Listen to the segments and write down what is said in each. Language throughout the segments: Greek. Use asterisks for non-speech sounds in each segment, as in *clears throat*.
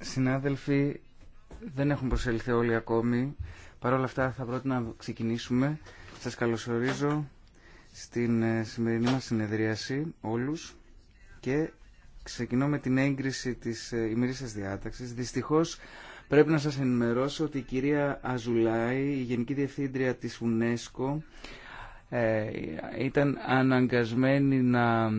Συνάδελφοι, δεν έχουν προσελθεί όλοι ακόμη. Παρ' όλα αυτά θα πρότεινα να ξεκινήσουμε. Σας καλωσορίζω στην ε, σημερινή μας συνεδρίαση όλους και ξεκινώ με την έγκριση της ε, ημερήσιας διάταξης. Δυστυχώς πρέπει να σας ενημερώσω ότι η κυρία Αζουλάη, η Γενική Διευθύντρια της UNESCO, ε, ήταν αναγκασμένη να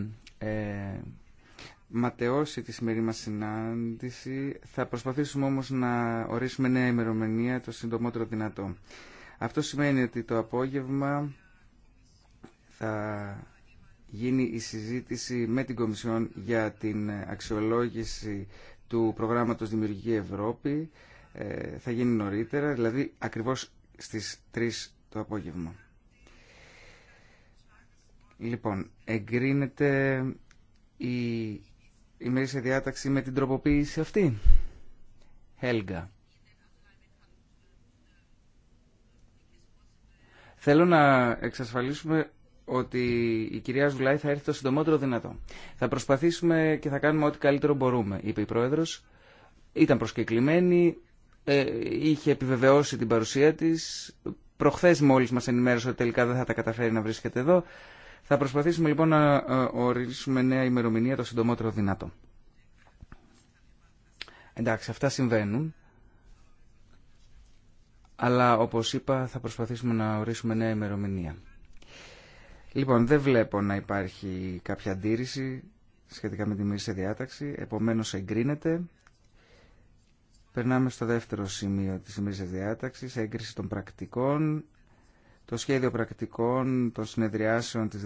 ματαιώσει τη σημερινή μας συνάντηση. Θα προσπαθήσουμε όμως να ορίσουμε νέα ημερομηνία το συντομότερο δυνατό. Αυτό σημαίνει ότι το απόγευμα θα γίνει η συζήτηση με την Κομισιόν για την αξιολόγηση του προγράμματος Δημιουργική Ευρώπη. Ε, θα γίνει νωρίτερα, δηλαδή ακριβώς στις 3 το απόγευμα. Λοιπόν, εγκρίνεται η σε διάταξη με την τροποποίηση αυτή. Χέλγα. Θέλω να εξασφαλίσουμε ότι η κυρία Ζουλάη θα έρθει το συντομότερο δυνατό. Θα προσπαθήσουμε και θα κάνουμε ό,τι καλύτερο μπορούμε, είπε η Πρόεδρος. Ήταν προσκεκλημένη, ε, είχε επιβεβαιώσει την παρουσία της. Προχθές μόλις μας ενημέρωσε ότι τελικά δεν θα τα καταφέρει να βρίσκεται εδώ. Θα προσπαθήσουμε λοιπόν να ε, ορίσουμε νέα ημερομηνία το συντομότερο δυνατό. Εντάξει, αυτά συμβαίνουν. Αλλά όπως είπα θα προσπαθήσουμε να ορίσουμε νέα ημερομηνία. Λοιπόν, δεν βλέπω να υπάρχει κάποια αντίρρηση σχετικά με τη μίληση διάταξη. Επομένως εγκρίνεται. Περνάμε στο δεύτερο σημείο της ημίλησης διάταξης, έγκριση των πρακτικών το σχέδιο πρακτικών των συνεδριάσεων της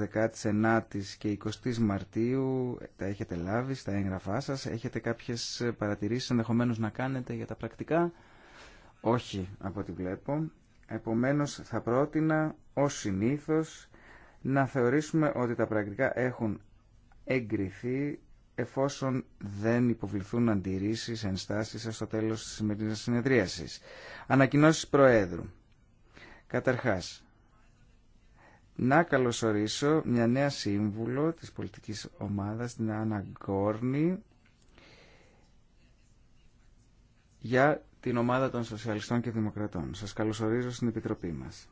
19ης και 20ης Μαρτίου τα έχετε λάβει στα έγγραφά σας. Έχετε κάποιες παρατηρήσεις ενδεχομένως να κάνετε για τα πρακτικά. Όχι από ό,τι βλέπω. Επομένως θα πρότεινα ως συνήθως να θεωρήσουμε ότι τα πρακτικά έχουν εγκριθεί εφόσον δεν υποβληθούν αντιρρήσεις, ενστάσεις στο τέλος της σημερινής συνεδρίασης. Ανακοινώσεις Προέδρου. Καταρχάς, να καλωσορίσω μια νέα σύμβουλο της πολιτικής ομάδας, την Άννα Γκόρνη, για την ομάδα των Σοσιαλιστών και Δημοκρατών. Σας καλωσορίζω στην Επιτροπή μας.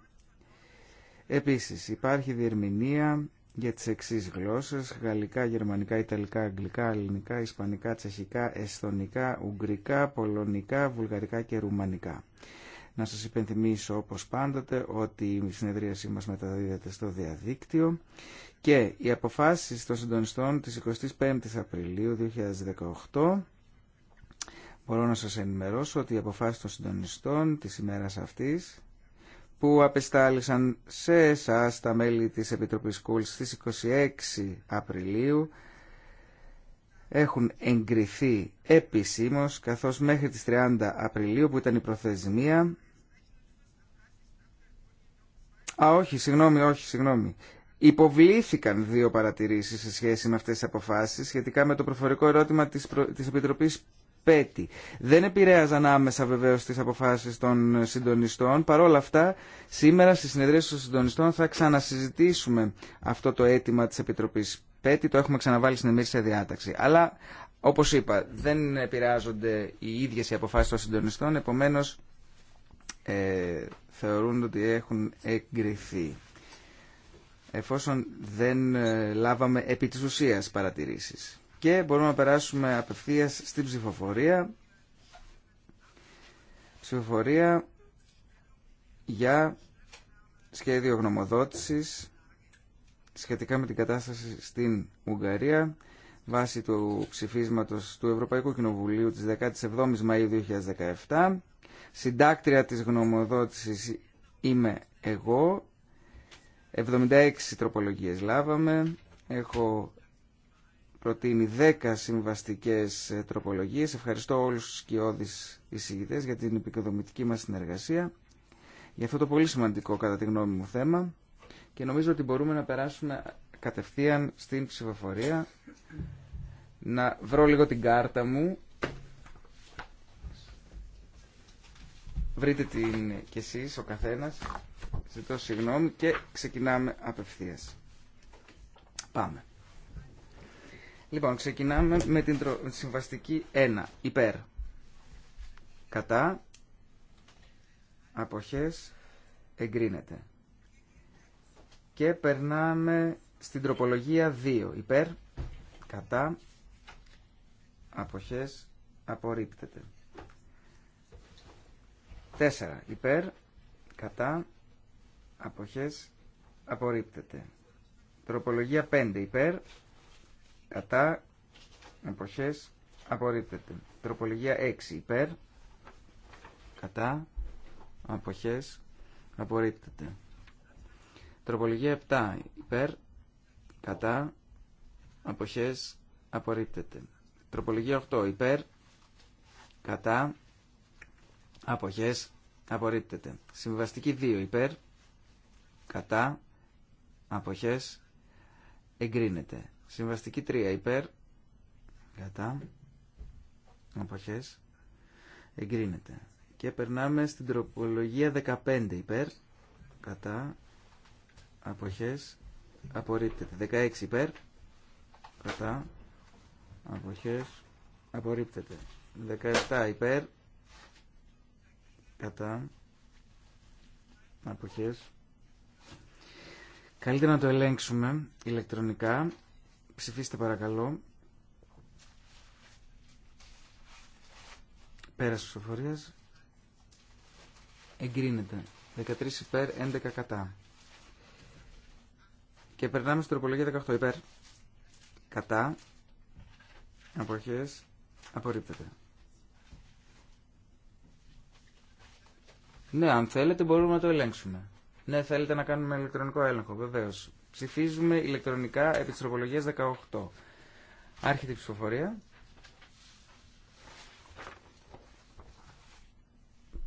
Επίσης, υπάρχει διερμηνία για τις εξής γλώσσες, γαλλικά, γερμανικά, ιταλικά, αγγλικά, ελληνικά, ισπανικά, τσεχικά, εσθονικά, ουγγρικά, πολωνικά, βουλγαρικά και ρουμανικά. Να σας υπενθυμίσω όπως πάντοτε ότι η συνεδρίασή μας μεταδίδεται στο διαδίκτυο και οι αποφάσεις των συντονιστών της 25ης Απριλίου 2018 Μπορώ να σας ενημερώσω ότι οι αποφάσεις των συντονιστών της ημέρας αυτής που απεστάλησαν σε εσά τα μέλη της Επιτροπής Κούλς στις 26 Απριλίου έχουν εγκριθεί επισήμως καθώς μέχρι τις 30 Απριλίου που ήταν η προθεσμία Α, όχι, συγγνώμη, όχι, συγγνώμη. Υποβλήθηκαν δύο παρατηρήσεις σε σχέση με αυτές τις αποφάσεις σχετικά με το προφορικό ερώτημα της, προ... της Επιτροπής Πέτη. Δεν επηρέαζαν άμεσα βεβαίω τις αποφάσεις των συντονιστών. Παρ' όλα αυτά, σήμερα στη συνεδρίε των συντονιστών θα ξανασυζητήσουμε αυτό το αίτημα τη Επιτροπής πέτη, το έχουμε ξαναβάλει στην σε διάταξη. Αλλά, όπως είπα, δεν επηρεάζονται οι ίδιες οι αποφάσεις των συντονιστών, επομένως ε, θεωρούν ότι έχουν εγκριθεί. Εφόσον δεν ε, λάβαμε επί της ουσίας παρατηρήσεις. Και μπορούμε να περάσουμε απευθείας στην ψηφοφορία. Ψηφοφορία για σχέδιο γνωμοδότησης σχετικά με την κατάσταση στην Ουγγαρία βάσει του ψηφίσματος του Ευρωπαϊκού Κοινοβουλίου της 17 η Μαΐου 2017. Συντάκτρια της γνωμοδότησης είμαι εγώ. 76 τροπολογίες λάβαμε. Έχω προτείνει 10 συμβαστικές τροπολογίες. Ευχαριστώ όλους τους σκιώδεις εισηγητές για την επικοδομητική μας συνεργασία. Για αυτό το πολύ σημαντικό κατά τη γνώμη μου θέμα και νομίζω ότι μπορούμε να περάσουμε κατευθείαν στην ψηφοφορία. Να βρω λίγο την κάρτα μου. Βρείτε την κι εσείς ο καθένας. Ζητώ συγγνώμη και ξεκινάμε απευθείας. Πάμε. Λοιπόν, ξεκινάμε με την συμβαστική 1. Υπέρ. Κατά. Αποχές. Εγκρίνεται. Και περνάμε στην τροπολογία 2. Υπέρ, κατά, αποχές, απορρίπτεται. 4. Υπέρ, κατά, αποχές, απορρίπτεται. Τροπολογία 5. Υπέρ, κατά, αποχές, απορρίπτεται. Τροπολογία 6. Υπέρ, κατά, αποχές, απορρίπτεται. Τροπολογία 7. Υπέρ, κατά, αποχές, απορρίπτεται. Τροπολογία 8. Υπέρ, κατά, αποχές, απορρίπτεται. Συμβαστική 2. Υπέρ, κατά, αποχές, εγκρίνεται. Συμβαστική 3. Υπέρ, κατά, αποχές, εγκρίνεται. Και περνάμε στην τροπολογία 15 υπέρ, κατά, αποχές απορρίπτεται 16 υπέρ κατά αποχές απορρίπτεται 17 υπέρ κατά αποχές καλύτερα να το ελέγξουμε ηλεκτρονικά ψηφίστε παρακαλώ πέρας εφορία εγκρίνεται 13 υπέρ 11 κατά και περνάμε στην τροπολογία 18 υπέρ. Κατά. Αποχές. Απορρίπτεται. Ναι, αν θέλετε μπορούμε να το ελέγξουμε. Ναι, θέλετε να κάνουμε ηλεκτρονικό έλεγχο, βεβαίως. Ψηφίζουμε ηλεκτρονικά επί της τροπολογίας 18. Άρχεται η ψηφοφορία.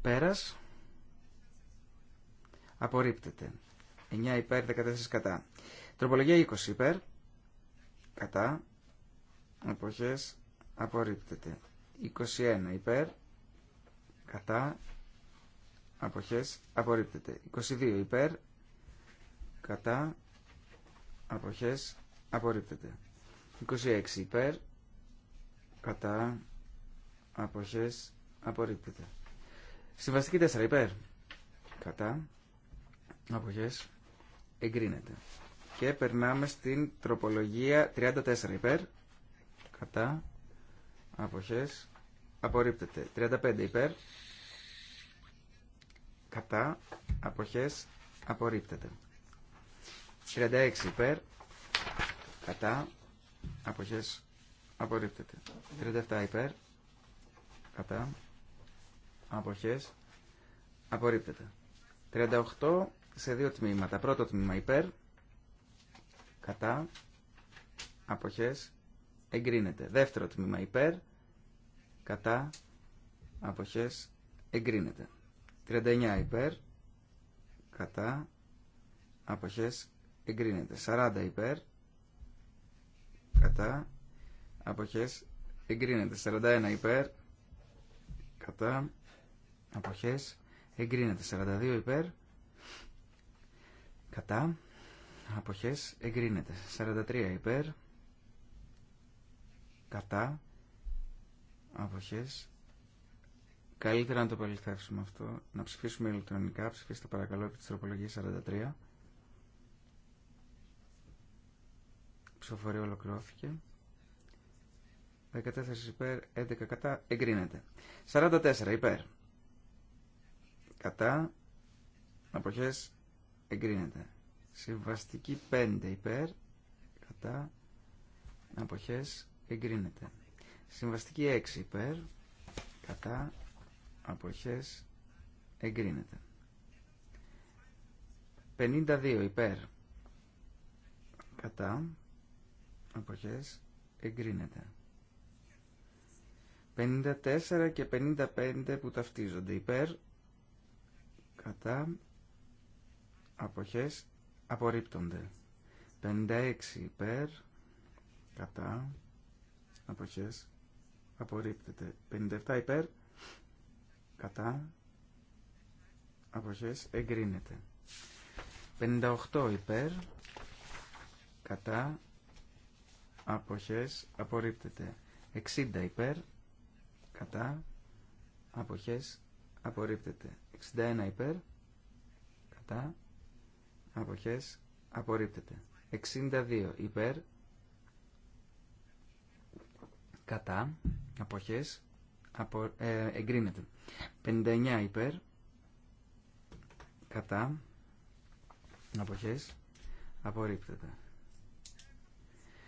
Πέρας. Απορρίπτεται. 9 υπέρ 14 κατά. Τροπολογία 20 υπέρ. Κατά. Εποχές. Απορρίπτεται. 21 υπέρ. Κατά. Αποχές. Απορρίπτεται. 22 υπέρ. Κατά. Αποχές. Απορρίπτεται. 26 υπέρ. Κατά. Αποχές. Απορρίπτεται. Συμβαστική 4 υπέρ. Κατά. Αποχές. Εγκρίνεται. Και περνάμε στην τροπολογία 34 υπέρ. Κατά. Αποχές. Απορρίπτεται. 35 υπέρ. Κατά. Αποχές. Απορρίπτεται. 36 υπέρ. Κατά. Αποχές. Απορρίπτεται. 37 υπέρ. Κατά. Αποχές. Απορρίπτεται. 38 σε δύο τμήματα. Πρώτο τμήμα υπέρ κατά, αποχές, εγκρίνεται. Δεύτερο τμήμα υπέρ, κατά, αποχές, εγκρίνεται. 39 υπέρ, κατά, αποχές, εγκρίνεται. 40 υπέρ, κατά, αποχές, εγκρίνεται. 41 υπέρ, κατά, αποχές, εγκρίνεται. 42 υπέρ, κατά, αποχές εγκρίνεται. 43 υπέρ, κατά, αποχές. Καλύτερα να το παληθεύσουμε αυτό, να ψηφίσουμε ηλεκτρονικά. Ψηφίστε παρακαλώ επί της τροπολογίας 43. Ψηφοφορία ολοκληρώθηκε. 14 υπέρ, 11 κατά, εγκρίνεται. 44 υπέρ. Κατά, αποχές, εγκρίνεται. Συμβαστική 5 υπέρ, κατά, αποχές, εγκρίνεται. Συμβαστική 6 υπέρ, κατά, αποχές, εγκρίνεται. 52 υπέρ, κατά, αποχές, εγκρίνεται. 54 και 55 που ταυτίζονται υπέρ, κατά, αποχές, απορρίπτονται. 56 υπέρ, κατά, αποχές, απορρίπτεται. 57 υπέρ, κατά, αποχές, εγκρίνεται. 58 υπέρ, κατά, αποχές, απορρίπτεται. 60 υπέρ, κατά, αποχές, απορρίπτεται. 61 υπέρ, κατά, αποχές απορρίπτεται 62 υπέρ κατά αποχές απο, ε, εγκρίνεται 59 υπέρ κατά αποχές απορρίπτεται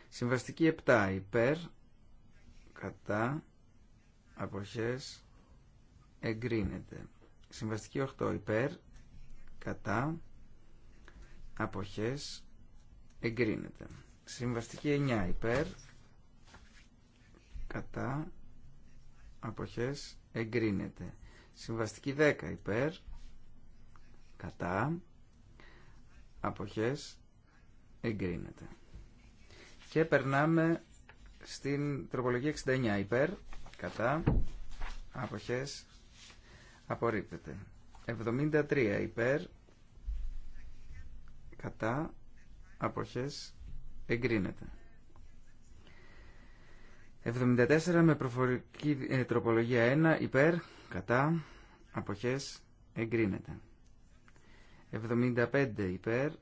συμβαστική 7 υπέρ κατά αποχές εγκρίνεται συμβαστική 8 υπέρ κατά αποχές εγκρίνεται. Συμβαστική 9 υπέρ κατά αποχές εγκρίνεται. Συμβαστική 10 υπέρ κατά αποχές εγκρίνεται. Και περνάμε στην τροπολογία 69 υπέρ κατά αποχές απορρίπτεται. 73 υπέρ κατά αποχές εγκρίνεται. 74 με προφορική ε, τροπολογία 1 υπέρ κατά αποχές εγκρίνεται. 75 υπέρ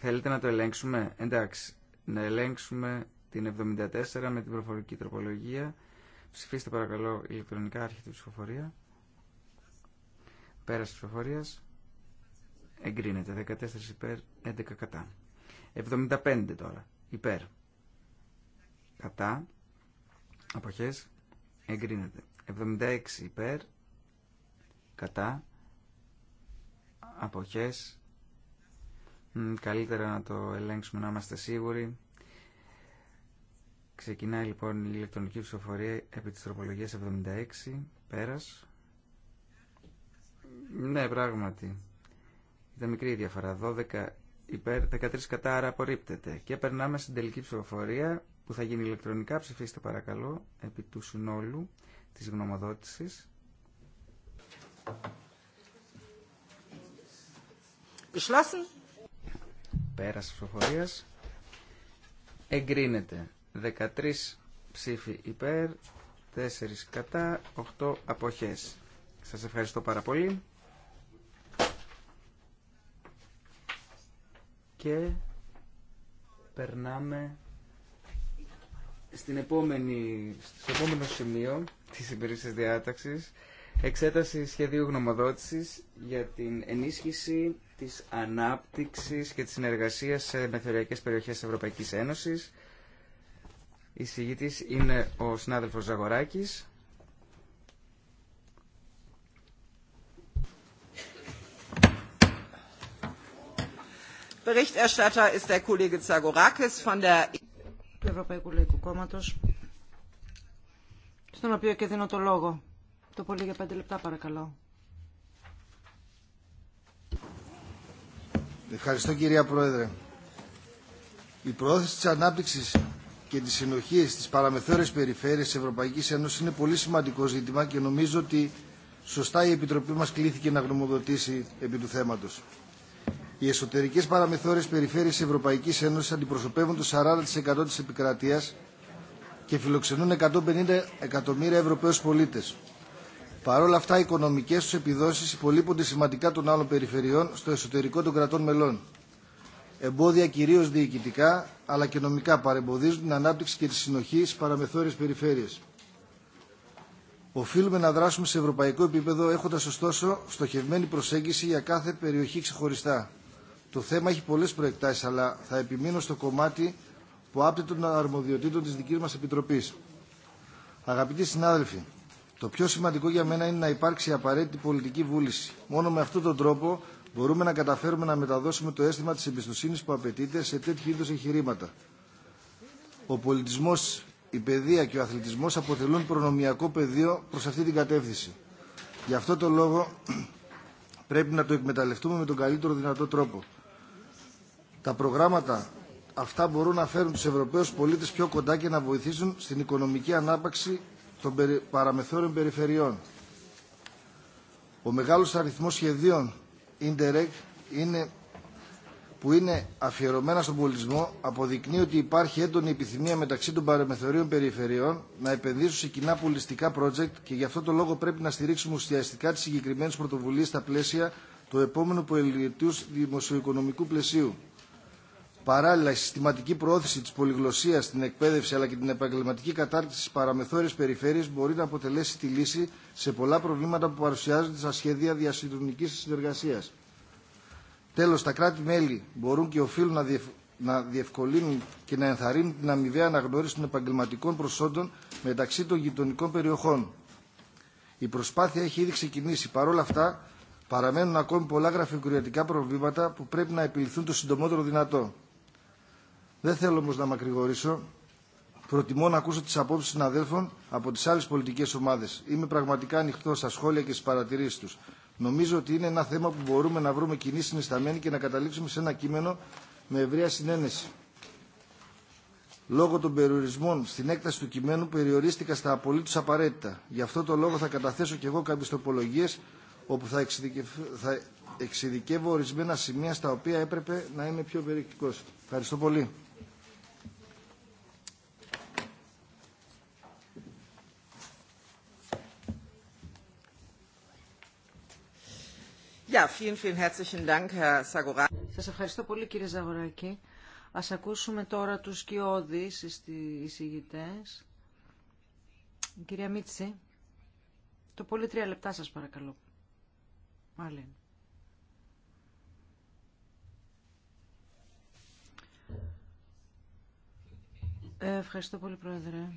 Θέλετε να το ελέγξουμε. Εντάξει, να ελέγξουμε την 74 με την προφορική τροπολογία. Ψηφίστε παρακαλώ ηλεκτρονικά άρχη ψηφοφορία. Πέρας της ψηφοφορίας. Εγκρίνεται. 14 υπέρ, 11 κατά. 75 τώρα. Υπέρ. Κατά. Αποχές. Εγκρίνεται. 76 υπέρ. Κατά. Αποχές. Καλύτερα να το ελέγξουμε να είμαστε σίγουροι. Ξεκινάει λοιπόν η ηλεκτρονική ψηφοφορία επί της τροπολογίας 76. Πέρας. Ναι, πράγματι. Ήταν μικρή η διαφορά. 12 υπέρ, 13 κατά, άρα απορρίπτεται. Και περνάμε στην τελική ψηφοφορία που θα γίνει ηλεκτρονικά. Ψηφίστε παρακαλώ επί του συνόλου τη γνωμοδότησης. Geschlossen. Πέρασε ψηφοφορίας. Εγκρίνεται. 13 ψήφοι υπέρ, 4 κατά, 8 αποχές. Σας ευχαριστώ πάρα πολύ. και περνάμε στην επόμενη, στο επόμενο σημείο της υπηρεσίας διάταξης εξέταση σχεδίου γνωμοδότησης για την ενίσχυση της ανάπτυξης και της συνεργασίας σε μεθοριακές περιοχές της Ευρωπαϊκής Ένωσης. Η συγγητής είναι ο συνάδελφος Ζαγοράκης. στον οποίο και δίνω το λόγο. Το πολύ για πέντε λεπτά παρακαλώ. Ευχαριστώ κυρία Πρόεδρε. Η προώθηση της ανάπτυξης και της συνοχής στι παραμεθόρες περιφέρειες της Ευρωπαϊκής Ένωσης είναι πολύ σημαντικό ζήτημα και νομίζω ότι σωστά η Επιτροπή μας κλήθηκε να γνωμοδοτήσει επί του θέματος. Οι εσωτερικές παραμεθόρες περιφέρειες της Ευρωπαϊκής Ένωσης αντιπροσωπεύουν το 40% της επικρατείας και φιλοξενούν 150 εκατομμύρια Ευρωπαίους πολίτες. Παρ' όλα αυτά, οι οικονομικές τους επιδόσεις υπολείπονται σημαντικά των άλλων περιφερειών στο εσωτερικό των κρατών μελών. Εμπόδια κυρίω διοικητικά αλλά και νομικά παρεμποδίζουν την ανάπτυξη και τη συνοχή στι παραμεθόρειε περιφέρειες. Οφείλουμε να δράσουμε σε ευρωπαϊκό επίπεδο έχοντα ωστόσο στοχευμένη προσέγγιση για κάθε περιοχή ξεχωριστά. Το θέμα έχει πολλές προεκτάσεις, αλλά θα επιμείνω στο κομμάτι που άπτει των αρμοδιοτήτων της δικής μας Επιτροπής. Αγαπητοί συνάδελφοι, το πιο σημαντικό για μένα είναι να υπάρξει απαραίτητη πολιτική βούληση. Μόνο με αυτόν τον τρόπο μπορούμε να καταφέρουμε να μεταδώσουμε το αίσθημα της εμπιστοσύνης που απαιτείται σε τέτοιου είδους εγχειρήματα. Ο πολιτισμός, η παιδεία και ο αθλητισμός αποτελούν προνομιακό πεδίο προς αυτή την κατεύθυνση. Γι' αυτό το λόγο *clears throat* πρέπει να το εκμεταλλευτούμε με τον καλύτερο δυνατό τρόπο. Τα προγράμματα αυτά μπορούν να φέρουν τους Ευρωπαίους πολίτες πιο κοντά και να βοηθήσουν στην οικονομική ανάπαξη των παραμεθόρων περιφερειών. Ο μεγάλος αριθμός σχεδίων Interreg είναι, που είναι αφιερωμένα στον πολιτισμό αποδεικνύει ότι υπάρχει έντονη επιθυμία μεταξύ των παραμεθορίων περιφερειών να επενδύσουν σε κοινά πολιτιστικά project και γι' αυτό το λόγο πρέπει να στηρίξουμε ουσιαστικά τις συγκεκριμένες πρωτοβουλίες στα πλαίσια του επόμενου πολιετούς δημοσιοοικονομικού πλαισίου. Παράλληλα, η συστηματική προώθηση της πολυγλωσία στην εκπαίδευση αλλά και την επαγγελματική κατάρτιση στι παραμεθόρειε περιφέρειε μπορεί να αποτελέσει τη λύση σε πολλά προβλήματα που παρουσιάζονται στα σχέδια διασυνδρομική συνεργασίας. Τέλος, τα κράτη-μέλη μπορούν και οφείλουν να, να διευκολύνουν και να ενθαρρύνουν την αμοιβαία αναγνώριση των επαγγελματικών προσόντων μεταξύ των γειτονικών περιοχών. Η προσπάθεια έχει ήδη ξεκινήσει. Παρ' όλα αυτά, παραμένουν ακόμη πολλά γραφειοκρατικά προβλήματα που πρέπει να επιληθούν το συντομότερο δυνατό. Δεν θέλω όμω να μακρηγορήσω. Προτιμώ να ακούσω τι απόψει συναδέλφων από τι άλλε πολιτικέ ομάδε. Είμαι πραγματικά ανοιχτό στα σχόλια και στι παρατηρήσει του. Νομίζω ότι είναι ένα θέμα που μπορούμε να βρούμε κοινή συνισταμένη και να καταλήξουμε σε ένα κείμενο με ευρεία συνένεση. Λόγω των περιορισμών στην έκταση του κειμένου περιορίστηκα στα απολύτω απαραίτητα. Γι' αυτό το λόγο θα καταθέσω και εγώ κάποιε τοπολογίε όπου θα, εξειδικευ... θα εξειδικεύω ορισμένα σημεία στα οποία έπρεπε να είμαι πιο περιεκτικό. Ευχαριστώ πολύ. Σας ευχαριστώ πολύ κύριε Ζαγοράκη. Ας ακούσουμε τώρα τους σκιώδεις εισηγητές. κυρία Μίτση, το πολύ τρία λεπτά σας παρακαλώ. Ε, ευχαριστώ πολύ, Πρόεδρε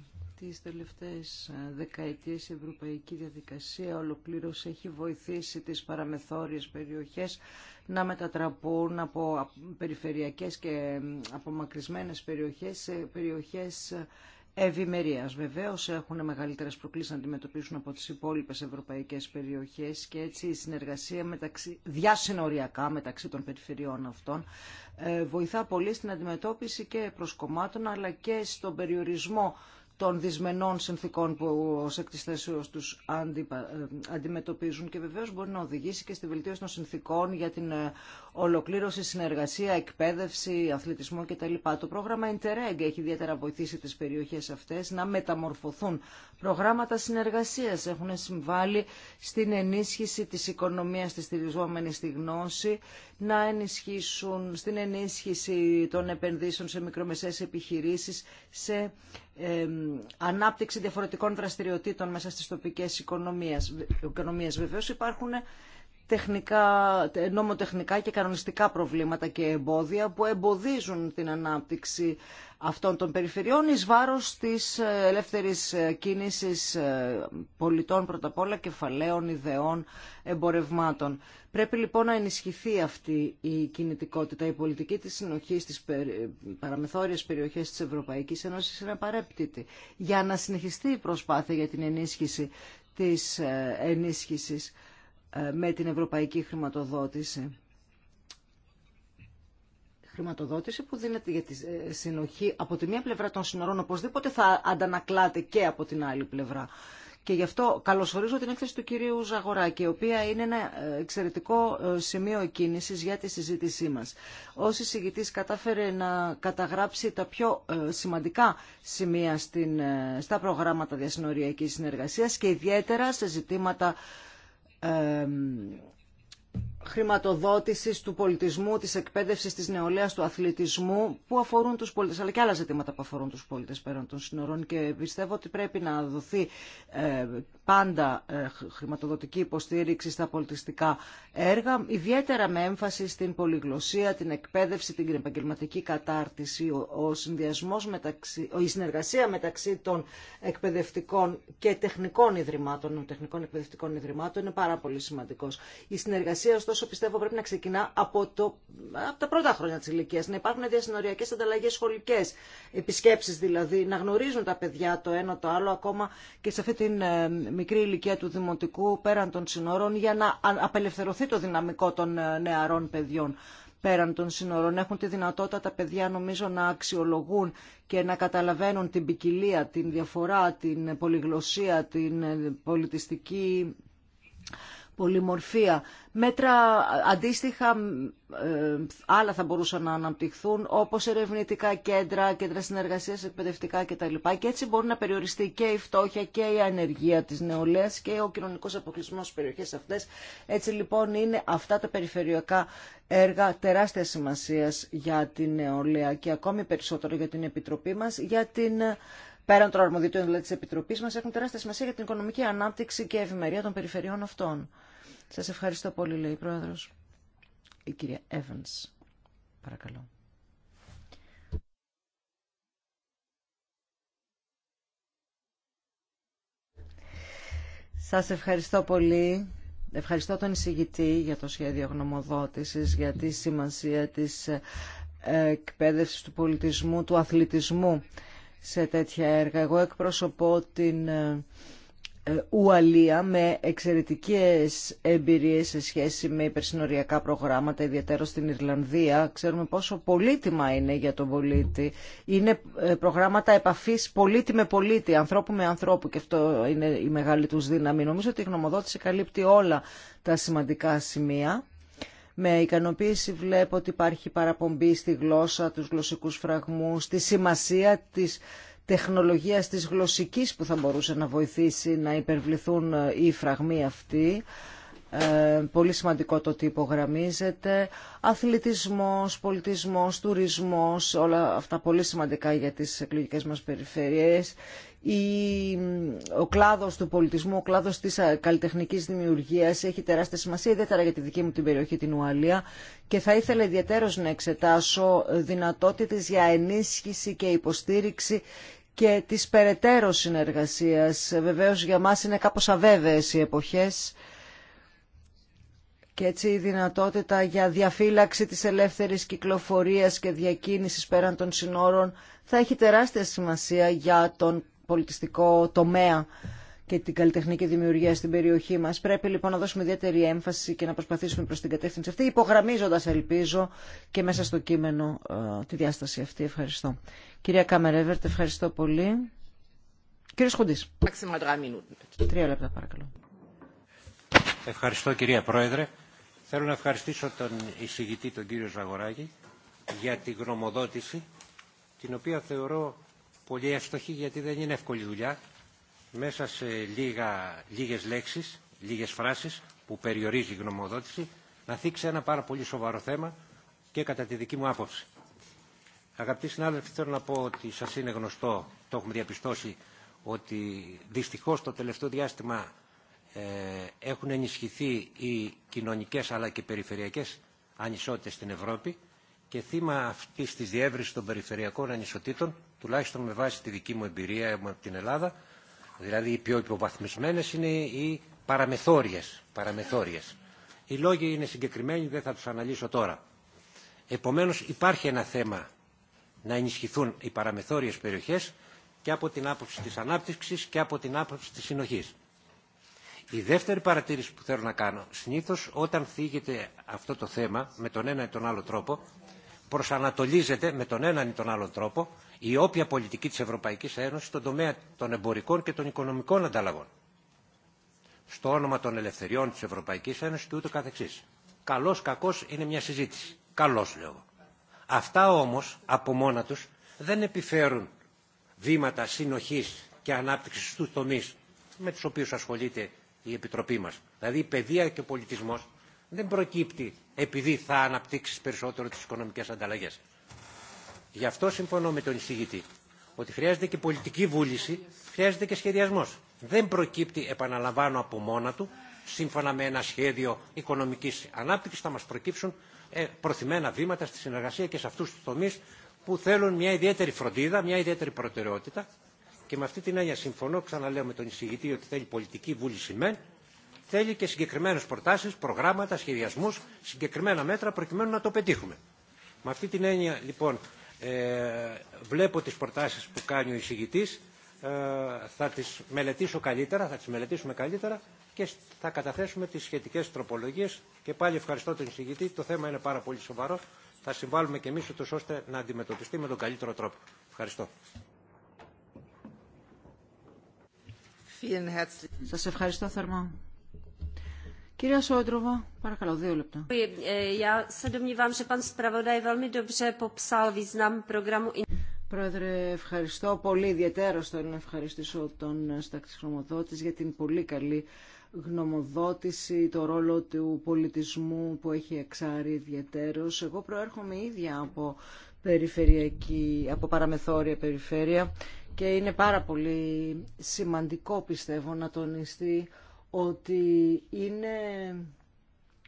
τις τελευταίες ε, δεκαετίες η ευρωπαϊκή διαδικασία ολοκλήρωση έχει βοηθήσει τις παραμεθόριες περιοχές να μετατραπούν από περιφερειακές και απομακρυσμένες περιοχές σε περιοχές ε, Ευημερία. Βεβαίω έχουν μεγαλύτερε προκλήσει να αντιμετωπίσουν από τι υπόλοιπε ευρωπαϊκέ περιοχέ και έτσι η συνεργασία μεταξύ, διασυνοριακά μεταξύ των περιφερειών αυτών ε, βοηθά πολύ στην αντιμετώπιση και προσκομμάτων αλλά και στον περιορισμό των δυσμενών συνθήκων που ως εκ τους ε, αντιμετωπίζουν και βεβαίως μπορεί να οδηγήσει και στη βελτίωση των συνθήκων για την ε, ολοκλήρωση, συνεργασία, εκπαίδευση, αθλητισμό κτλ. Το πρόγραμμα Interreg έχει ιδιαίτερα βοηθήσει τις περιοχές αυτές να μεταμορφωθούν. Προγράμματα συνεργασίας έχουν συμβάλει στην ενίσχυση της οικονομίας της στηριζόμενης στη γνώση, να ενισχύσουν στην ενίσχυση των επενδύσεων σε μικρομεσαίες επιχειρήσεις, σε ανάπτυξη διαφορετικών δραστηριοτήτων μέσα στις τοπικές οικονομίες. οικονομίες. Βεβαίως υπάρχουν τεχνικά, νομοτεχνικά και κανονιστικά προβλήματα και εμπόδια που εμποδίζουν την ανάπτυξη αυτών των περιφερειών εις βάρος της ε, ελεύθερης ε, κίνησης ε, πολιτών πρώτα απ' όλα κεφαλαίων, ιδεών, εμπορευμάτων. Πρέπει λοιπόν να ενισχυθεί αυτή η κινητικότητα. Η πολιτική της συνοχής στις παραμεθόριες περιοχές της Ευρωπαϊκής Ένωσης είναι απαραίτητη για να συνεχιστεί η προσπάθεια για την ενίσχυση της ενίσχυσης ε, με την ευρωπαϊκή χρηματοδότηση. Χρηματοδότηση που δίνεται για τη ε, συνοχή από τη μία πλευρά των σύνορων οπωσδήποτε θα αντανακλάται και από την άλλη πλευρά. Και γι' αυτό καλωσορίζω την έκθεση του κυρίου Ζαγοράκη, η οποία είναι ένα ε, εξαιρετικό σημείο κίνηση για τη συζήτησή μα. Ω εισηγητή, κατάφερε να καταγράψει τα πιο σημαντικά σημεία στα προγράμματα διασυνοριακή συνεργασία και ιδιαίτερα σε ζητήματα εμ χρηματοδότησης του πολιτισμού, της εκπαίδευσης, της νεολαίας, του αθλητισμού που αφορούν τους πολίτες, αλλά και άλλα ζητήματα που αφορούν τους πολίτες πέραν των σύνορων και πιστεύω ότι πρέπει να δοθεί ε, πάντα ε, χρηματοδοτική υποστήριξη στα πολιτιστικά έργα, ιδιαίτερα με έμφαση στην πολυγλωσία, την εκπαίδευση, την επαγγελματική κατάρτιση, ο, ο μεταξύ, η συνεργασία μεταξύ των εκπαιδευτικών και τεχνικών ιδρυμάτων, τεχνικών εκπαιδευτικών ιδρυμάτων είναι πάρα πολύ σημαντικός. Η συνεργασία ωστόσο πιστεύω πρέπει να ξεκινά από, το, από τα πρώτα χρόνια τη ηλικία. Να υπάρχουν διασυνοριακέ ανταλλαγέ σχολικέ επισκέψει, δηλαδή, να γνωρίζουν τα παιδιά το ένα το άλλο ακόμα και σε αυτή την ε, μικρή ηλικία του δημοτικού πέραν των συνόρων για να απελευθερωθεί το δυναμικό των ε, νεαρών παιδιών πέραν των σύνορων. Έχουν τη δυνατότητα τα παιδιά νομίζω να αξιολογούν και να καταλαβαίνουν την ποικιλία, την διαφορά, την πολυγλωσία, την ε, πολιτιστική πολυμορφία. Μέτρα αντίστοιχα ε, άλλα θα μπορούσαν να αναπτυχθούν όπως ερευνητικά κέντρα, κέντρα συνεργασίας εκπαιδευτικά κτλ. Και έτσι μπορεί να περιοριστεί και η φτώχεια και η ανεργία της νεολαίας και ο κοινωνικός αποκλεισμός στις περιοχές αυτές. Έτσι λοιπόν είναι αυτά τα περιφερειακά έργα τεράστια σημασία για την νεολαία και ακόμη περισσότερο για την Επιτροπή μας, για την πέραν των αρμοδιτών δηλαδή τη Επιτροπή μα, έχουν τεράστια σημασία για την οικονομική ανάπτυξη και ευημερία των περιφερειών αυτών. Σα ευχαριστώ πολύ, λέει η Πρόεδρο. Η κυρία Evans. Παρακαλώ. Σας ευχαριστώ πολύ. Ευχαριστώ τον εισηγητή για το σχέδιο γνωμοδότησης, για τη σημασία της ε, εκπαίδευσης του πολιτισμού, του αθλητισμού σε τέτοια έργα. Εγώ εκπροσωπώ την ε, ε, Ουαλία με εξαιρετικές εμπειρίες σε σχέση με υπερσυνοριακά προγράμματα, ιδιαίτερα στην Ιρλανδία. Ξέρουμε πόσο πολύτιμα είναι για τον πολίτη. Είναι ε, προγράμματα επαφής πολίτη με πολίτη, ανθρώπου με ανθρώπου και αυτό είναι η μεγάλη τους δύναμη. Νομίζω ότι η γνωμοδότηση καλύπτει όλα τα σημαντικά σημεία. Με ικανοποίηση βλέπω ότι υπάρχει παραπομπή στη γλώσσα, τους γλωσσικούς φραγμούς, τη σημασία της τεχνολογίας της γλωσσικής που θα μπορούσε να βοηθήσει να υπερβληθούν ε, οι φραγμοί αυτοί. Ε, πολύ σημαντικό το ότι υπογραμμίζεται. Αθλητισμός, πολιτισμός, τουρισμός, όλα αυτά πολύ σημαντικά για τις εκλογικές μας περιφέρειες. Η, ο κλάδος του πολιτισμού, ο κλάδος της καλλιτεχνικής δημιουργίας έχει τεράστια σημασία, ιδιαίτερα για τη δική μου την περιοχή, την Ουαλία. Και θα ήθελα ιδιαίτερως να εξετάσω δυνατότητες για ενίσχυση και υποστήριξη και της περαιτέρω συνεργασίας. Βεβαίως για μας είναι κάπως αβέβαιες οι εποχές και έτσι η δυνατότητα για διαφύλαξη της ελεύθερης κυκλοφορίας και διακίνησης πέραν των συνόρων θα έχει τεράστια σημασία για τον πολιτιστικό τομέα και την καλλιτεχνική δημιουργία στην περιοχή μας. Πρέπει λοιπόν να δώσουμε ιδιαίτερη έμφαση και να προσπαθήσουμε προς την κατεύθυνση αυτή, υπογραμμίζοντας ελπίζω και μέσα στο κείμενο ε, τη διάσταση αυτή. Ευχαριστώ. Κυρία Καμερέβερτ, ευχαριστώ πολύ. Κύριε Σχοντής. Τρία λεπτά παρακαλώ. Ευχαριστώ κυρία Πρόεδρε. Θέλω να ευχαριστήσω τον εισηγητή, τον κύριο Ζαγοράκη, για την γνωμοδότηση, την οποία θεωρώ πολύ εύστοχη, γιατί δεν είναι εύκολη δουλειά. Μέσα σε λίγα, λίγες λέξεις, λίγες φράσεις που περιορίζει η γνωμοδότηση, να θίξει ένα πάρα πολύ σοβαρό θέμα και κατά τη δική μου άποψη. Αγαπητοί συνάδελφοι, θέλω να πω ότι σας είναι γνωστό, το έχουμε διαπιστώσει, ότι δυστυχώς το τελευταίο διάστημα ε, έχουν ενισχυθεί οι κοινωνικές αλλά και περιφερειακές ανισότητες στην Ευρώπη και θύμα αυτής της διεύρυνσης των περιφερειακών ανισοτήτων, τουλάχιστον με βάση τη δική μου εμπειρία από την Ελλάδα, δηλαδή οι πιο υποβαθμισμένες είναι οι παραμεθόριες. παραμεθόριες. Οι λόγοι είναι συγκεκριμένοι, δεν θα τους αναλύσω τώρα. Επομένως υπάρχει ένα θέμα να ενισχυθούν οι παραμεθόριες περιοχές και από την άποψη της ανάπτυξης και από την άποψη της συνοχής. Η δεύτερη παρατήρηση που θέλω να κάνω, συνήθως όταν θίγεται αυτό το θέμα με τον ένα ή τον άλλο τρόπο, προσανατολίζεται με τον ένα ή τον άλλο τρόπο η τον αλλο τροπο πολιτική της Ευρωπαϊκής Ένωσης στον τομέα των εμπορικών και των οικονομικών ανταλλαγών. Στο όνομα των ελευθεριών της Ευρωπαϊκής Ένωσης και ούτω καθεξής. Καλός, κακός είναι μια συζήτηση. Καλός λέω. Αυτά όμως από μόνα τους δεν επιφέρουν βήματα συνοχής και ανάπτυξης του τομεί με του οποίου ασχολείται η Επιτροπή μας. Δηλαδή η παιδεία και ο πολιτισμός δεν προκύπτει επειδή θα αναπτύξεις περισσότερο τις οικονομικές ανταλλαγές. Γι' αυτό συμφωνώ με τον εισηγητή ότι χρειάζεται και πολιτική βούληση, χρειάζεται και σχεδιασμός. Δεν προκύπτει, επαναλαμβάνω από μόνα του, σύμφωνα με ένα σχέδιο οικονομικής ανάπτυξης θα μας προκύψουν ε, προθυμένα βήματα στη συνεργασία και σε αυτούς τους τομείς που θέλουν μια ιδιαίτερη φροντίδα, μια ιδιαίτερη προτεραιότητα και με αυτή την έννοια συμφωνώ, ξαναλέω με τον εισηγητή, ότι θέλει πολιτική βούληση μεν, θέλει και συγκεκριμένε προτάσει, προγράμματα, σχεδιασμού, συγκεκριμένα μέτρα προκειμένου να το πετύχουμε. Με αυτή την έννοια, λοιπόν, ε, βλέπω τι προτάσει που κάνει ο εισηγητή, ε, θα τι μελετήσω καλύτερα, θα τι μελετήσουμε καλύτερα και θα καταθέσουμε τι σχετικέ τροπολογίε. Και πάλι ευχαριστώ τον εισηγητή, το θέμα είναι πάρα πολύ σοβαρό. Θα συμβάλλουμε και εμεί ώστε να αντιμετωπιστεί με τον καλύτερο τρόπο. Ευχαριστώ. Σας ευχαριστώ θερμά. Κυρία Σόντροβα, παρακαλώ, δύο λεπτά. Ε, ε, Πρόεδρε, ευχαριστώ πολύ. Ιδιαίτερα να ευχαριστήσω τον χρωμοδότη για την πολύ καλή γνωμοδότηση, το ρόλο του πολιτισμού που έχει εξάρει ιδιαίτερο. Εγώ προέρχομαι ίδια από περιφερειακή, από παραμεθόρια περιφέρεια και είναι πάρα πολύ σημαντικό πιστεύω να τονιστεί ότι είναι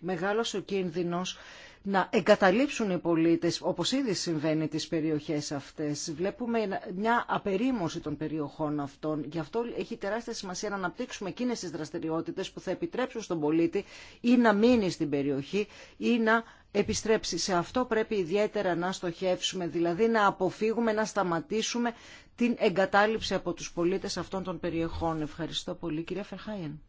μεγάλος ο κίνδυνος να εγκαταλείψουν οι πολίτες, όπως ήδη συμβαίνει τις περιοχές αυτές. Βλέπουμε μια απερίμωση των περιοχών αυτών. Γι' αυτό έχει τεράστια σημασία να αναπτύξουμε εκείνες τις δραστηριότητες που θα επιτρέψουν στον πολίτη ή να μείνει στην περιοχή ή να επιστρέψει. Σε αυτό πρέπει ιδιαίτερα να στοχεύσουμε, δηλαδή να αποφύγουμε, να σταματήσουμε την εγκατάλειψη από τους πολίτες αυτών των περιεχών. Ευχαριστώ πολύ κυρία Φερχάιεν.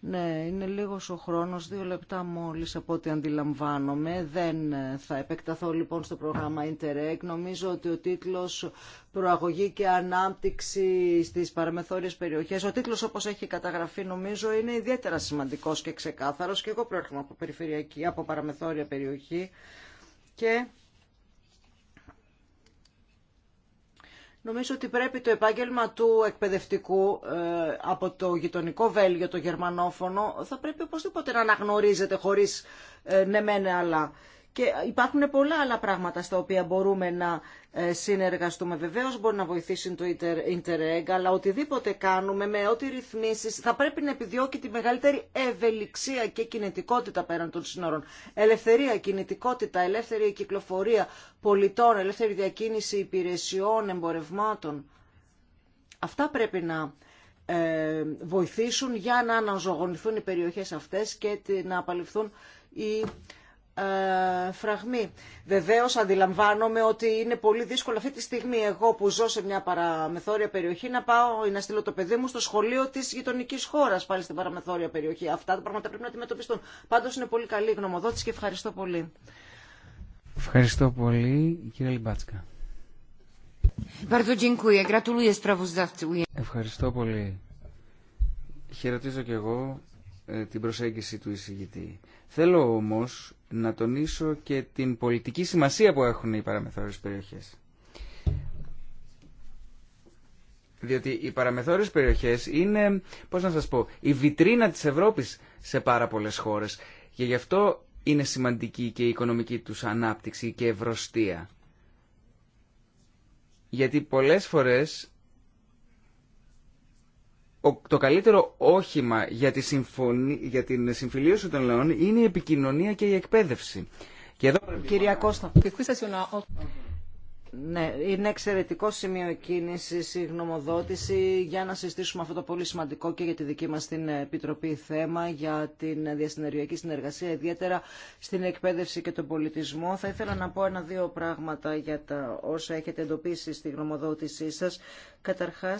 Ναι, είναι λίγος ο χρόνος, δύο λεπτά μόλις από ό,τι αντιλαμβάνομαι. Δεν ε, θα επεκταθώ λοιπόν στο πρόγραμμα Interreg. Νομίζω ότι ο τίτλος «Προαγωγή και ανάπτυξη στις παραμεθόριες περιοχές», ο τίτλος όπως έχει καταγραφεί νομίζω είναι ιδιαίτερα σημαντικός και ξεκάθαρος και εγώ προέρχομαι από περιφερειακή, από παραμεθόρια περιοχή και Νομίζω ότι πρέπει το επάγγελμα του εκπαιδευτικού ε, από το γειτονικό Βέλγιο, το γερμανόφωνο, θα πρέπει οπωσδήποτε να αναγνωρίζεται χωρίς ε, ναι μεν αλλά και υπάρχουν πολλά άλλα πράγματα στα οποία μπορούμε να ε, συνεργαστούμε. Βεβαίως μπορεί να βοηθήσει το Interreg, αλλά οτιδήποτε κάνουμε με ό,τι ρυθμίσεις θα πρέπει να επιδιώκει τη μεγαλύτερη ευελιξία και κινητικότητα πέραν των σύνορων. Ελευθερία, κινητικότητα, ελεύθερη κυκλοφορία πολιτών, ελεύθερη διακίνηση υπηρεσιών, εμπορευμάτων. Αυτά πρέπει να ε, βοηθήσουν για να αναζωογονηθούν οι περιοχές αυτές και να απαλληφθούν οι ε, φραγμή. Βεβαίως αντιλαμβάνομαι ότι είναι πολύ δύσκολο αυτή τη στιγμή εγώ που ζω σε μια παραμεθόρια περιοχή να πάω ή να στείλω το παιδί μου στο σχολείο της γειτονική χώρας πάλι στην παραμεθόρια περιοχή. Αυτά τα πράγματα πρέπει να αντιμετωπιστούν. Πάντως είναι πολύ καλή γνωμοδότηση και ευχαριστώ πολύ. Ευχαριστώ πολύ κύριε Λιμπάτσκα. Ευχαριστώ πολύ. Χαιρετίζω και εγώ ε, την προσέγγιση του εισηγητή. Θέλω όμως να τονίσω και την πολιτική σημασία που έχουν οι παραμεθόριες περιοχές. Διότι οι παραμεθόριες περιοχές είναι, πώς να σας πω, η βιτρίνα της Ευρώπης σε πάρα πολλές χώρες. Και γι' αυτό είναι σημαντική και η οικονομική τους ανάπτυξη και ευρωστία. Γιατί πολλές φορές το καλύτερο όχημα για, τη για την συμφιλίωση των λαών είναι η επικοινωνία και η εκπαίδευση. Και εδώ... Κυρία Κώστα. Ναι, είναι εξαιρετικό σημείο κίνηση η γνωμοδότηση για να συστήσουμε αυτό το πολύ σημαντικό και για τη δική μα την Επιτροπή θέμα για την διασυνεργειακή συνεργασία, ιδιαίτερα στην εκπαίδευση και τον πολιτισμό. Θα ήθελα να πω ένα-δύο πράγματα για τα όσα έχετε εντοπίσει στη γνωμοδότησή σα. Καταρχά,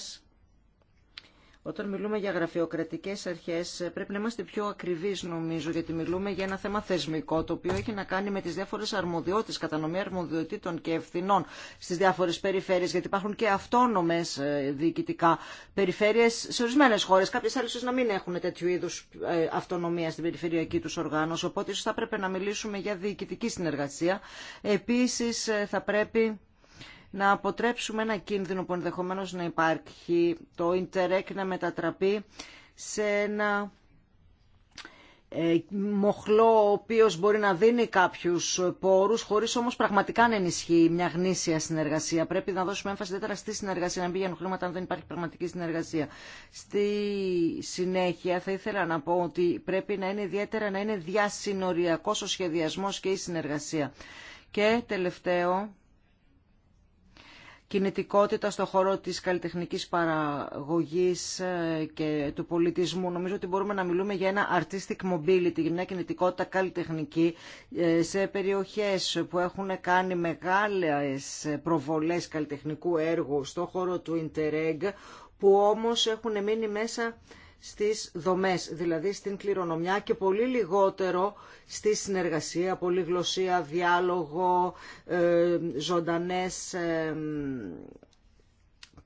όταν μιλούμε για γραφειοκρατικές αρχές πρέπει να είμαστε πιο ακριβείς νομίζω γιατί μιλούμε για ένα θέμα θεσμικό το οποίο έχει να κάνει με τις διάφορες αρμοδιότητες, κατανομή αρμοδιοτήτων και ευθυνών στις διάφορες περιφέρειες γιατί υπάρχουν και αυτόνομες ε, διοικητικά περιφέρειες σε ορισμένες χώρες. Κάποιες άλλες να μην έχουν τέτοιου είδους ε, αυτονομία στην περιφερειακή τους οργάνωση οπότε ίσως θα πρέπει να μιλήσουμε για διοικητική συνεργασία. Επίσης ε, θα πρέπει να αποτρέψουμε ένα κίνδυνο που ενδεχομένω να υπάρχει, το Ιντερεκ να μετατραπεί σε ένα ε, μοχλό ο οποίος μπορεί να δίνει κάποιους πόρους χωρίς όμως πραγματικά να ενισχύει μια γνήσια συνεργασία. Πρέπει να δώσουμε έμφαση ιδιαίτερα στη συνεργασία, να μην πηγαίνουν χρήματα αν δεν υπάρχει πραγματική συνεργασία. Στη συνέχεια θα ήθελα να πω ότι πρέπει να είναι ιδιαίτερα να είναι διασυνοριακός ο σχεδιασμός και η συνεργασία. Και τελευταίο, κινητικότητα στον χώρο της καλλιτεχνικής παραγωγής ε, και του πολιτισμού. Νομίζω ότι μπορούμε να μιλούμε για ένα artistic mobility, για μια κινητικότητα καλλιτεχνική ε, σε περιοχές που έχουν κάνει μεγάλες προβολές καλλιτεχνικού έργου στον χώρο του Interreg, που όμως έχουν μείνει μέσα στις δομές, δηλαδή στην κληρονομιά και πολύ λιγότερο στη συνεργασία, γλωσσία, διάλογο, ε, ζωντανές ε,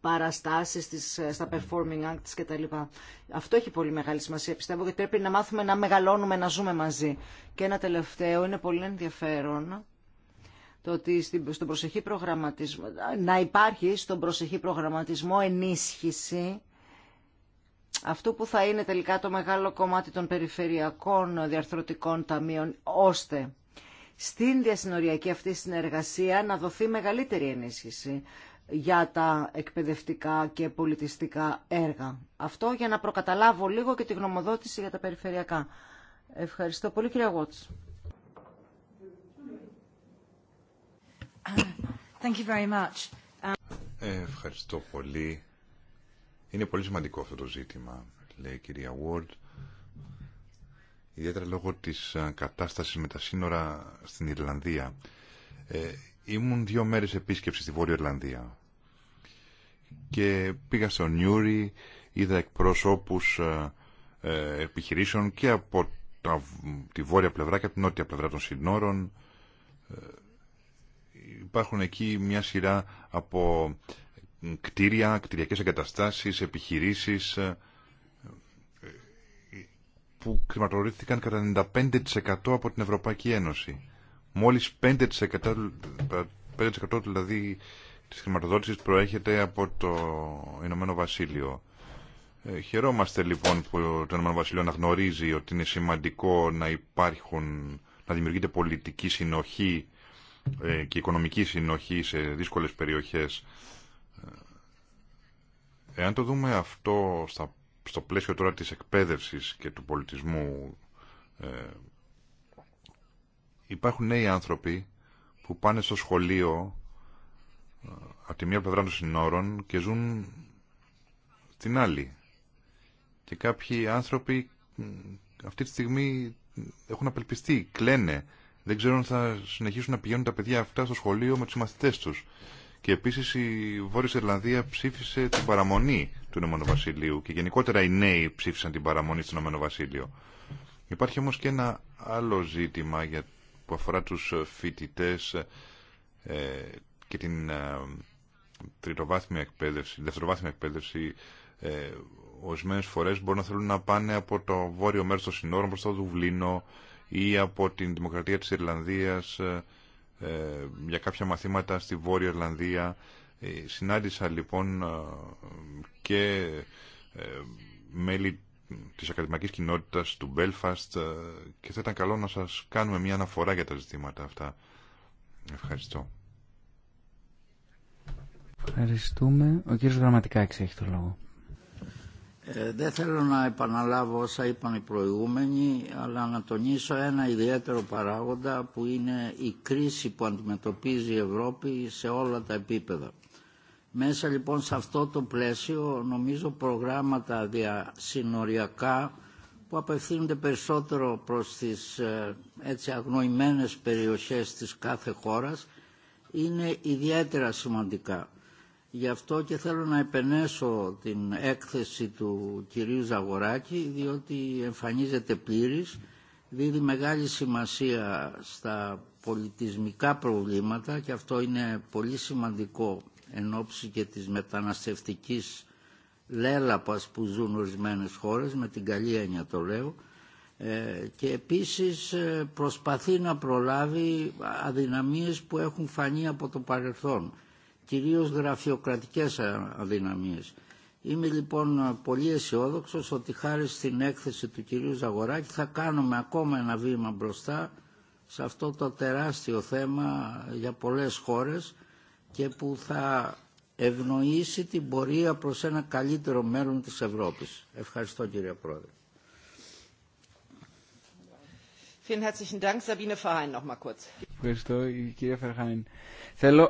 παραστάσεις στις, ε, στα performing acts κτλ. Αυτό έχει πολύ μεγάλη σημασία πιστεύω γιατί πρέπει να μάθουμε να μεγαλώνουμε, να ζούμε μαζί. Και ένα τελευταίο είναι πολύ ενδιαφέρον το ότι στον προσεχή προγραμματισμό, να υπάρχει στον προσεχή προγραμματισμό ενίσχυση αυτό που θα είναι τελικά το μεγάλο κομμάτι των περιφερειακών διαρθρωτικών ταμείων, ώστε στην διασυνοριακή αυτή συνεργασία να δοθεί μεγαλύτερη ενίσχυση για τα εκπαιδευτικά και πολιτιστικά έργα. Αυτό για να προκαταλάβω λίγο και τη γνωμοδότηση για τα περιφερειακά. Ευχαριστώ πολύ κύριε Γουότς. Ε, ευχαριστώ πολύ. Είναι πολύ σημαντικό αυτό το ζήτημα, λέει η κυρία Ward, ιδιαίτερα λόγω της κατάστασης με τα σύνορα στην Ιρλανδία. Ε, ήμουν δύο μέρες επίσκεψη στη Βόρεια Ιρλανδία και πήγα στο Νιούρι, είδα εκπρόσωπους ε, επιχειρήσεων και από τα, τη βόρεια πλευρά και από την νότια πλευρά των συνόρων. Ε, υπάρχουν εκεί μια σειρά από κτίρια, κτηριακές εγκαταστάσεις, επιχειρήσεις ε, ε, που χρηματοδοτήθηκαν κατά 95% από την Ευρωπαϊκή Ένωση. Μόλις 5%, 5 δηλαδή της χρηματοδότησης προέρχεται από το Ηνωμένο Βασίλειο. Ε, χαιρόμαστε λοιπόν που το Ηνωμένο Βασίλειο αναγνωρίζει ότι είναι σημαντικό να υπάρχουν, να δημιουργείται πολιτική συνοχή και οικονομική συνοχή σε δύσκολες περιοχές Εάν το δούμε αυτό στα, στο πλαίσιο τώρα της εκπαίδευσης και του πολιτισμού, ε, υπάρχουν νέοι άνθρωποι που πάνε στο σχολείο ε, από τη μία πλευρά των συνόρων και ζουν στην άλλη. Και κάποιοι άνθρωποι αυτή τη στιγμή έχουν απελπιστεί, κλαίνε. Δεν ξέρουν αν θα συνεχίσουν να πηγαίνουν τα παιδιά αυτά στο σχολείο με τους μαθητές τους. Και επίσης η Βόρεια Ιρλανδία ψήφισε την παραμονή του Ηνωμένου Βασιλείου και γενικότερα οι νέοι ψήφισαν την παραμονή του Ηνωμένο Βασίλειου. Υπάρχει όμως και ένα άλλο ζήτημα για, που αφορά τους φοιτητέ ε, και την ε, τριτοβάθμια εκπαίδευση, δευτεροβάθμια εκπαίδευση. Ε, Ορισμένε φορές μπορούν να θέλουν να πάνε από το βόρειο μέρος των συνόρων προ το Δουβλίνο ή από την Δημοκρατία της Ιρλανδίας ε, ε, για κάποια μαθήματα στη Βόρεια Ιρλανδία. Ε, συνάντησα λοιπόν ε, και μέλη της ακαδημαϊκής κοινότητας του Belfast και θα ήταν καλό να σας κάνουμε μια αναφορά για τα ζητήματα αυτά. Ευχαριστώ. Ευχαριστούμε. Ο κύριος Γραμματικάκης έχει το λόγο. Ε, δεν θέλω να επαναλάβω όσα είπαν οι προηγούμενοι, αλλά να τονίσω ένα ιδιαίτερο παράγοντα που είναι η κρίση που αντιμετωπίζει η Ευρώπη σε όλα τα επίπεδα. Μέσα λοιπόν σε αυτό το πλαίσιο νομίζω προγράμματα διασυνοριακά που απευθύνονται περισσότερο προς τις ε, έτσι αγνοημένες περιοχές της κάθε χώρας είναι ιδιαίτερα σημαντικά. Γι' αυτό και θέλω να επενέσω την έκθεση του κυρίου Ζαγοράκη, διότι εμφανίζεται πλήρης, δίδει μεγάλη σημασία στα πολιτισμικά προβλήματα και αυτό είναι πολύ σημαντικό εν ώψη και της μεταναστευτικής λέλαπας που ζουν ορισμένε χώρες, με την καλή έννοια το λέω, ε, και επίσης ε, προσπαθεί να προλάβει αδυναμίες που έχουν φανεί από το παρελθόν κυρίως γραφειοκρατικές αδυναμίες. Είμαι λοιπόν πολύ αισιόδοξο ότι χάρη στην έκθεση του κυρίου Ζαγοράκη θα κάνουμε ακόμα ένα βήμα μπροστά σε αυτό το τεράστιο θέμα για πολλές χώρες και που θα ευνοήσει την πορεία προς ένα καλύτερο μέλλον της Ευρώπης. Ευχαριστώ κύριε Πρόεδρε. Ευχαριστώ Θέλω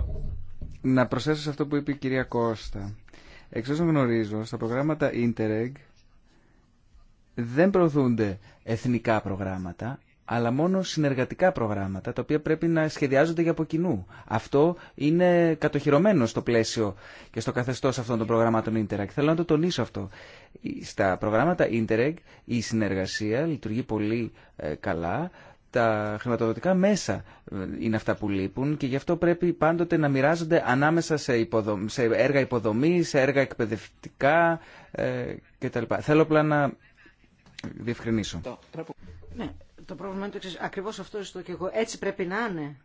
να προσθέσω σε αυτό που είπε η κυρία Κώστα. Εξ όσων γνωρίζω, στα προγράμματα Interreg δεν προωθούνται εθνικά προγράμματα, αλλά μόνο συνεργατικά προγράμματα, τα οποία πρέπει να σχεδιάζονται για από κοινού. Αυτό είναι κατοχυρωμένο στο πλαίσιο και στο καθεστώς αυτών των προγραμμάτων Interreg. Θέλω να το τονίσω αυτό. Στα προγράμματα Interreg η συνεργασία λειτουργεί πολύ ε, καλά τα χρηματοδοτικά μέσα ε, είναι αυτά που λείπουν και γι' αυτό πρέπει πάντοτε να μοιράζονται ανάμεσα σε, σε έργα υποδομή, σε έργα εκπαιδευτικά ε, κτλ. Θέλω απλά να διευκρινίσω. Ναι, το πρόβλημα είναι το εξής. Ακριβώς αυτό ζητώ και εγώ. Έτσι πρέπει να είναι.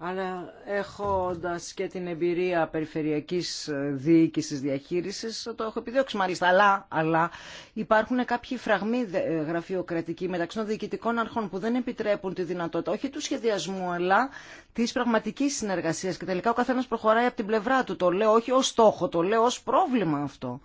Αλλά έχοντα και την εμπειρία περιφερειακή διοίκηση διαχείριση, το έχω επιδιώξει μάλιστα. Αλλά, αλλά υπάρχουν κάποιοι φραγμοί ε, γραφειοκρατικοί μεταξύ των διοικητικών αρχών που δεν επιτρέπουν τη δυνατότητα όχι του σχεδιασμού, αλλά τη πραγματική συνεργασία. Και τελικά ο καθένα προχωράει από την πλευρά του. Το λέω όχι ω στόχο, το λέω ω πρόβλημα αυτό.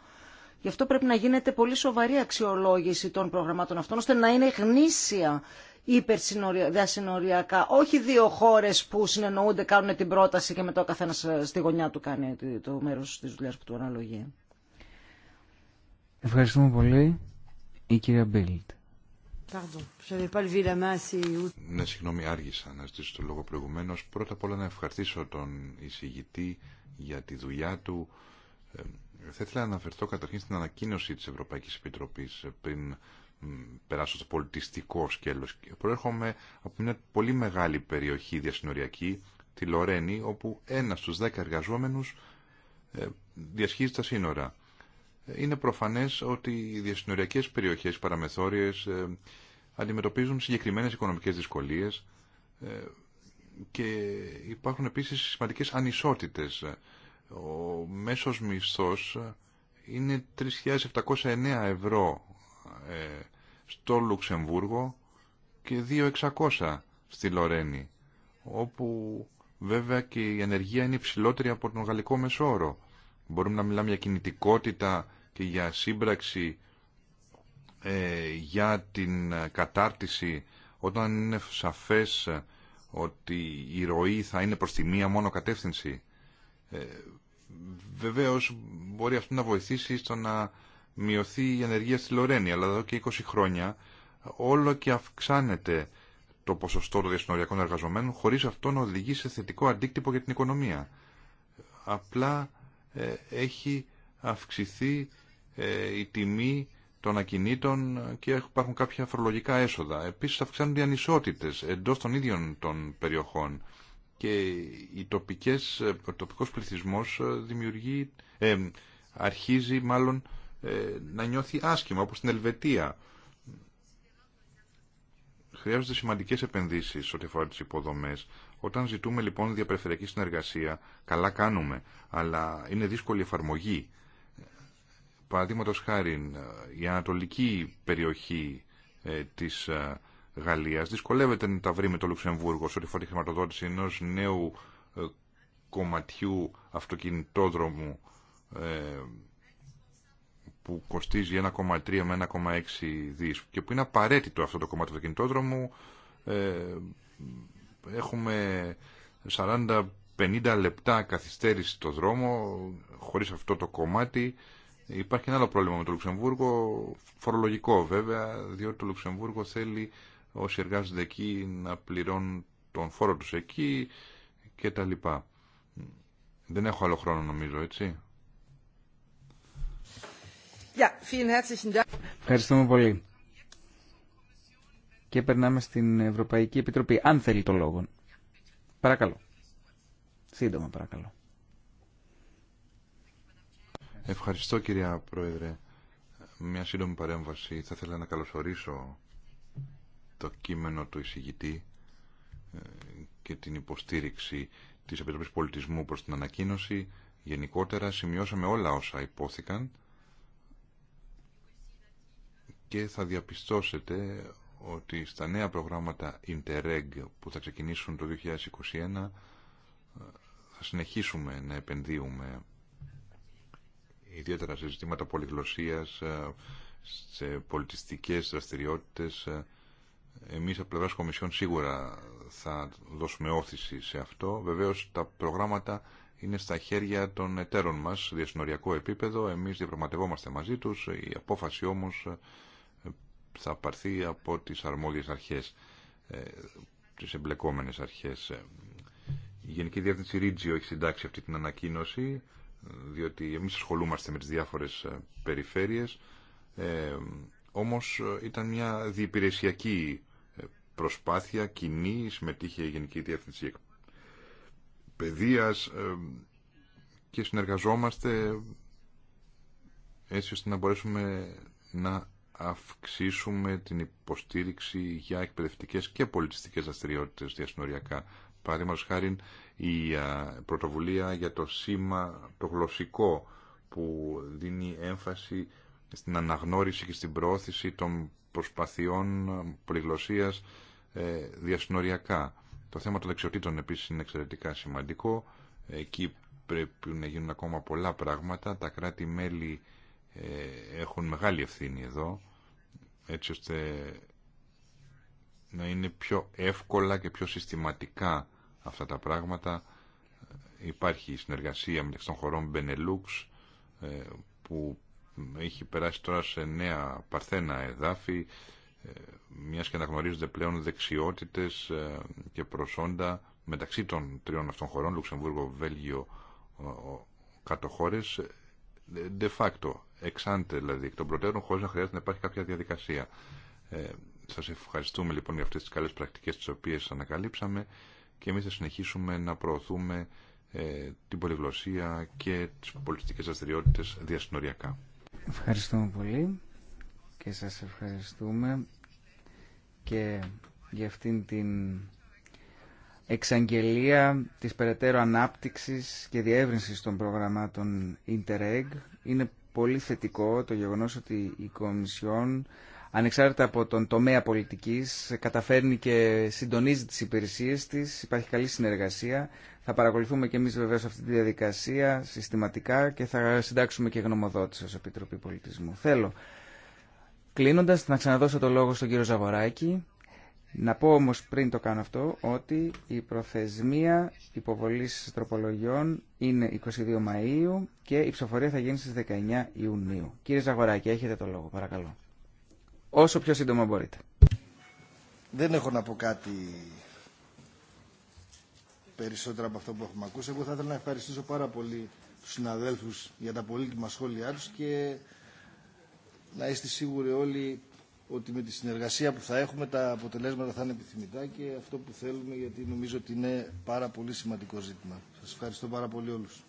Γι' αυτό πρέπει να γίνεται πολύ σοβαρή αξιολόγηση των προγραμμάτων αυτών, ώστε να είναι γνήσια υπερσυνοριακά, Όχι δύο χώρε που συνεννοούνται, κάνουν την πρόταση και μετά ο καθένα ε, στη γωνιά του κάνει το μέρο τη δουλειά που του αναλογεί. Ευχαριστούμε πολύ. Η κυρία Μπέλτ. Ναι, συγγνώμη, άργησα να ζητήσω το λόγο προηγουμένω. Πρώτα απ' όλα να ευχαριστήσω τον εισηγητή για τη δουλειά του. Ε, θα ήθελα να αναφερθώ καταρχήν στην ανακοίνωση τη Ευρωπαϊκή Επιτροπή ε, πριν περάσω στο πολιτιστικό σκέλος. Προέρχομαι από μια πολύ μεγάλη περιοχή διασυνοριακή, τη Λορένη, όπου ένας στους δέκα εργαζόμενους ε, διασχίζει τα σύνορα. Είναι προφανές ότι οι διασυνοριακές περιοχές, οι παραμεθόριες, ε, αντιμετωπίζουν συγκεκριμένες οικονομικές δυσκολίες ε, και υπάρχουν επίσης σημαντικές ανισότητες. Ο μέσος μισθός είναι 3.709 ευρώ στο Λουξεμβούργο και 2.600 στη Λορένη, όπου βέβαια και η ενεργεία είναι υψηλότερη από τον Γαλλικό Μεσόρο. Μπορούμε να μιλάμε για κινητικότητα και για σύμπραξη ε, για την κατάρτιση όταν είναι σαφές ότι η ροή θα είναι προς τη μία μόνο κατεύθυνση. Ε, βεβαίως μπορεί αυτό να βοηθήσει στο να μειωθεί η ανεργία στη Λορένη, αλλά εδώ και 20 χρόνια όλο και αυξάνεται το ποσοστό των διασυνοριακών εργαζομένων χωρίς αυτό να οδηγεί σε θετικό αντίκτυπο για την οικονομία. Απλά ε, έχει αυξηθεί ε, η τιμή των ακινήτων και υπάρχουν κάποια φορολογικά έσοδα. Επίσης αυξάνονται οι ανισότητες εντός των ίδιων των περιοχών και οι τοπικές, ε, ο τοπικός πληθυσμός δημιουργεί, αρχίζει μάλλον ε, να νιώθει άσχημα, όπως στην Ελβετία. Χρειάζονται σημαντικές επενδύσεις ό,τι αφορά τις υποδομές. Όταν ζητούμε λοιπόν διαπεριφερειακή συνεργασία, καλά κάνουμε, αλλά είναι δύσκολη εφαρμογή. Παραδείγματο χάρη, η ανατολική περιοχή ε, της ε, Γαλλίας δυσκολεύεται να τα βρει με το Λουξεμβούργο σε ό,τι αφορά τη χρηματοδότηση ενός νέου ε, κομματιού αυτοκινητόδρομου που κοστίζει 1,3 με 1,6 δις και που είναι απαραίτητο αυτό το κομμάτι του κινητόδρομου ε, έχουμε 40-50 λεπτά καθυστέρηση στο δρόμο χωρίς αυτό το κομμάτι υπάρχει ένα άλλο πρόβλημα με το Λουξεμβούργο φορολογικό βέβαια διότι το Λουξεμβούργο θέλει όσοι εργάζονται εκεί να πληρώνουν τον φόρο τους εκεί και τα λοιπά δεν έχω άλλο χρόνο νομίζω έτσι Ευχαριστούμε πολύ. Και περνάμε στην Ευρωπαϊκή Επιτροπή. Αν θέλει το λόγο. Παρακαλώ. Σύντομα, παρακαλώ. Ευχαριστώ, κυρία Πρόεδρε. Μια σύντομη παρέμβαση. Θα ήθελα να καλωσορίσω το κείμενο του εισηγητή ε, και την υποστήριξη της Επιτροπής Πολιτισμού προς την ανακοίνωση. Γενικότερα σημειώσαμε όλα όσα υπόθηκαν και θα διαπιστώσετε ότι στα νέα προγράμματα Interreg που θα ξεκινήσουν το 2021 ε, θα συνεχίσουμε να επενδύουμε ιδιαίτερα σε ζητήματα πολυγλωσσίας, ε, σε πολιτιστικές δραστηριότητες. Ε, εμείς από πλευράς Κομισιόν σίγουρα θα δώσουμε όθηση σε αυτό. Βεβαίως τα προγράμματα είναι στα χέρια των εταίρων μας, διασυνοριακό επίπεδο. Εμείς διαπραγματευόμαστε μαζί τους. Η απόφαση όμως θα πάρθει από τις αρμόδιες αρχές, ε, τις εμπλεκόμενες αρχές. Ε, η Γενική Διεύθυνση Ρίτζιο έχει συντάξει αυτή την ανακοίνωση, διότι εμείς ασχολούμαστε με τις διάφορες ε, περιφέρειες, ε, όμως ήταν μια διεπηρεσιακή προσπάθεια, κοινή, συμμετείχε η Γενική Διεύθυνση Παιδείας και συνεργαζόμαστε έτσι ώστε να μπορέσουμε να αυξήσουμε την υποστήριξη για εκπαιδευτικές και πολιτιστικές δραστηριότητε διασυνοριακά. Παραδείγματο χάρη η πρωτοβουλία για το σήμα το γλωσσικό που δίνει έμφαση στην αναγνώριση και στην προώθηση των προσπαθειών πολυγλωσσίας ε, διασυνοριακά. Το θέμα των δεξιοτήτων επίσης είναι εξαιρετικά σημαντικό. Εκεί πρέπει να γίνουν ακόμα πολλά πράγματα. Τα κράτη-μέλη ε, έχουν μεγάλη ευθύνη εδώ έτσι ώστε να είναι πιο εύκολα και πιο συστηματικά αυτά τα πράγματα. Υπάρχει συνεργασία μεταξύ των χωρών Benelux ε, που έχει περάσει τώρα σε νέα παρθένα εδάφη ε, μιας και αναγνωρίζονται πλέον δεξιότητες και προσόντα μεταξύ των τριών αυτών χωρών, Λουξεμβούργο, Βέλγιο, κάτω de facto, εξάντε δηλαδή, εκ των προτέρων, χωρίς να χρειάζεται να υπάρχει κάποια διαδικασία. Ε, σας ευχαριστούμε λοιπόν για αυτές τις καλές πρακτικές τι οποίες ανακαλύψαμε και εμεί θα συνεχίσουμε να προωθούμε ε, την πολυγλωσία και τις πολιτιστικέ δραστηριότητε διασυνοριακά. Ευχαριστούμε πολύ και σας ευχαριστούμε και για αυτήν την εξαγγελία της περαιτέρω ανάπτυξης και διεύρυνσης των προγραμμάτων Interreg. Είναι πολύ θετικό το γεγονός ότι η Κομισιόν ανεξάρτητα από τον τομέα πολιτικής καταφέρνει και συντονίζει τις υπηρεσίες της, υπάρχει καλή συνεργασία. Θα παρακολουθούμε και εμείς βεβαίως αυτή τη διαδικασία συστηματικά και θα συντάξουμε και γνωμοδότηση ως Επιτροπή Πολιτισμού. Θέλω, κλείνοντας, να ξαναδώσω το λόγο στον κύριο Ζαβοράκη να πω όμως πριν το κάνω αυτό ότι η προθεσμία υποβολής τροπολογιών είναι 22 Μαΐου και η ψηφοφορία θα γίνει στις 19 Ιουνίου. Κύριε Ζαγοράκη, έχετε το λόγο, παρακαλώ. Όσο πιο σύντομα μπορείτε. Δεν έχω να πω κάτι περισσότερο από αυτό που έχουμε ακούσει. Εγώ θα ήθελα να ευχαριστήσω πάρα πολύ τους συναδέλφους για τα πολύτιμα σχόλιά τους και να είστε σίγουροι όλοι ότι με τη συνεργασία που θα έχουμε τα αποτελέσματα θα είναι επιθυμητά και αυτό που θέλουμε γιατί νομίζω ότι είναι πάρα πολύ σημαντικό ζήτημα. Σας ευχαριστώ πάρα πολύ όλους.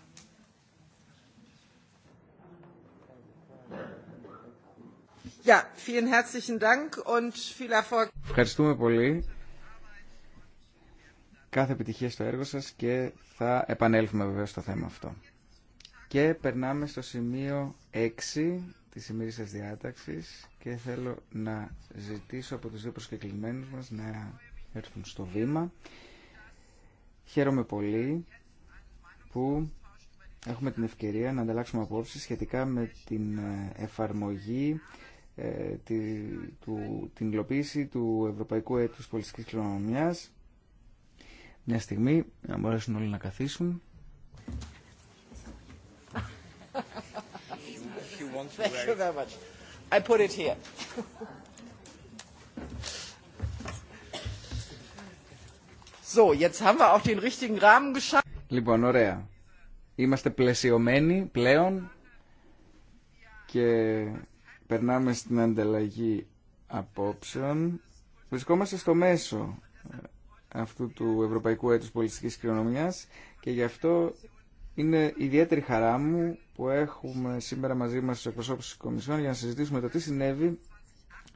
Ευχαριστούμε πολύ. Κάθε επιτυχία στο έργο σας και θα επανέλθουμε βέβαια στο θέμα αυτό. Και περνάμε στο σημείο 6 σημερινή σα διάταξη και θέλω να ζητήσω από του δύο προσκεκλημένου μα να έρθουν στο βήμα. Χαίρομαι πολύ που έχουμε την ευκαιρία να ανταλλάξουμε απόψεις σχετικά με την ε, εφαρμογή ε, τη, του, την υλοποίηση του Ευρωπαϊκού Έτους Πολιτικής Κληρονομιάς. Μια στιγμή, να μπορέσουν όλοι να καθίσουν. want to Thank you very much. I put it here. So, jetzt haben wir auch den richtigen Rahmen geschaffen. Λοιπόν, ωραία. Είμαστε πλαισιωμένοι πλέον και περνάμε στην ανταλλαγή απόψεων. Βρισκόμαστε στο μέσο ε, αυτού του Ευρωπαϊκού Έτους Πολιτιστικής Κληρονομιάς και γι' αυτό είναι ιδιαίτερη χαρά μου που έχουμε σήμερα μαζί μας τους εκπροσώπους της Κομισιόν για να συζητήσουμε το τι συνέβη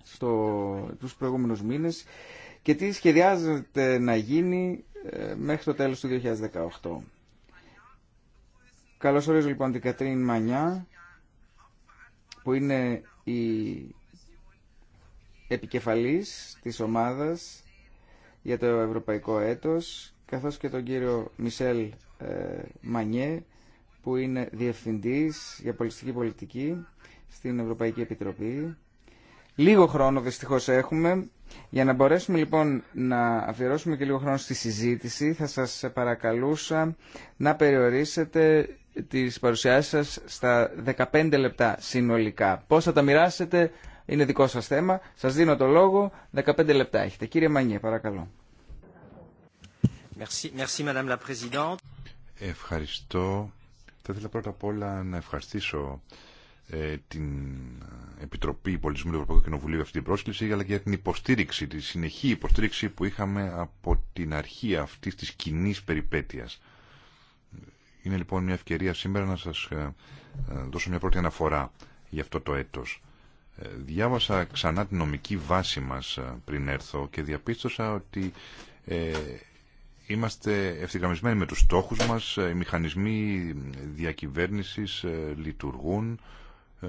στο, τους προηγούμενους μήνες και τι σχεδιάζεται να γίνει ε, μέχρι το τέλος του 2018. Καλώς ορίζω λοιπόν την Κατρίν Μανιά που είναι η επικεφαλής της ομάδας για το ευρωπαϊκό έτος καθώς και τον κύριο Μισελ ε, Μανιέ που είναι διευθυντής για πολιτική πολιτική στην Ευρωπαϊκή Επιτροπή. Λίγο χρόνο δυστυχώς έχουμε. Για να μπορέσουμε λοιπόν να αφιερώσουμε και λίγο χρόνο στη συζήτηση θα σας παρακαλούσα να περιορίσετε τις παρουσιάσεις σας στα 15 λεπτά συνολικά. Πώς θα τα μοιράσετε είναι δικό σας θέμα. Σας δίνω το λόγο. 15 λεπτά έχετε. Κύριε Μανιέ παρακαλώ. Ευχαριστώ. Θα ήθελα πρώτα απ' όλα να ευχαριστήσω ε, την ε, Επιτροπή Πολιτισμού του Ευρωπαϊκού Κοινοβουλίου για αυτή την πρόσκληση, αλλά και για την υποστήριξη, τη συνεχή υποστήριξη που είχαμε από την αρχή αυτής της κοινή περιπέτειας. Είναι λοιπόν μια ευκαιρία σήμερα να σας ε, δώσω μια πρώτη αναφορά για αυτό το έτος. Διάβασα ξανά την νομική βάση μας πριν έρθω και διαπίστωσα ότι Είμαστε ευθυγραμμισμένοι με τους στόχους μας, ε, οι μηχανισμοί διακυβέρνησης ε, λειτουργούν. Ε,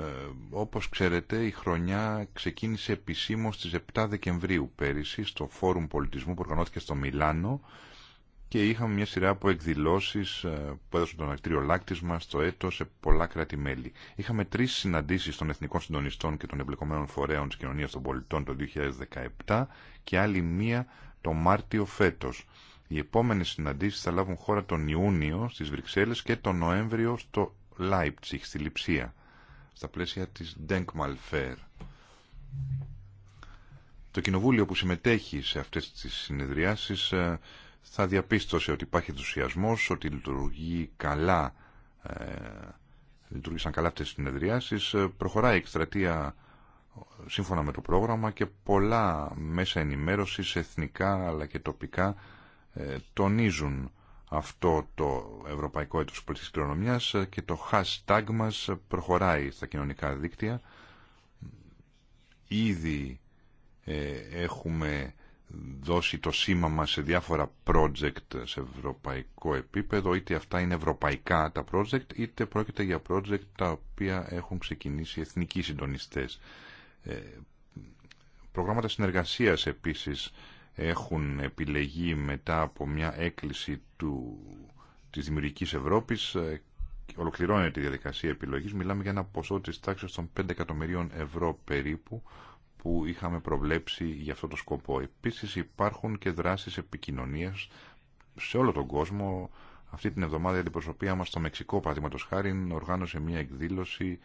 όπως ξέρετε, η χρονιά ξεκίνησε επισήμως στις 7 Δεκεμβρίου πέρυσι στο Φόρουμ Πολιτισμού που οργανώθηκε στο Μιλάνο και είχαμε μια σειρά από εκδηλώσεις που έδωσαν τον ακτήριο Λάκτης μας το έτος σε πολλά κράτη-μέλη. Είχαμε τρεις συναντήσεις των Εθνικών Συντονιστών και των Εμπλεκομένων Φορέων της Κοινωνίας των Πολιτών το 2017 και άλλη μία το Μάρτιο φέτος. Οι επόμενε συναντήσει θα λάβουν χώρα τον Ιούνιο στι Βρυξέλλες και τον Νοέμβριο στο Λάιπτσιχ, στη Λιψία, στα πλαίσια της Denkmalfair. Το κοινοβούλιο που συμμετέχει σε αυτές τις συνεδριάσεις ε, θα διαπίστωσε ότι υπάρχει ενθουσιασμό ότι λειτουργεί καλά, ε, λειτουργήσαν καλά αυτές τις συνεδριάσεις, ε, προχωράει η εκστρατεία σύμφωνα με το πρόγραμμα και πολλά μέσα ενημέρωση εθνικά αλλά και τοπικά ε, τονίζουν αυτό το Ευρωπαϊκό Έτος Πολιτικής Κληρονομιάς ε, και το hashtag μας προχωράει στα κοινωνικά δίκτυα. Ήδη ε, έχουμε δώσει το σήμα μας σε διάφορα project σε ευρωπαϊκό επίπεδο, είτε αυτά είναι ευρωπαϊκά τα project, είτε πρόκειται για project τα οποία έχουν ξεκινήσει εθνικοί συντονιστές. προγράμματα συνεργασίας επίσης έχουν επιλεγεί μετά από μια έκκληση του, της Δημιουργικής Ευρώπης ε, ολοκληρώνεται η διαδικασία επιλογής. Μιλάμε για ένα ποσό της τάξης των 5 εκατομμυρίων ευρώ περίπου που είχαμε προβλέψει για αυτό το σκοπό. Επίσης υπάρχουν και δράσεις επικοινωνίας σε όλο τον κόσμο. Αυτή την εβδομάδα η αντιπροσωπεία μας στο Μεξικό, παραδείγματο χάρη, οργάνωσε μια εκδήλωση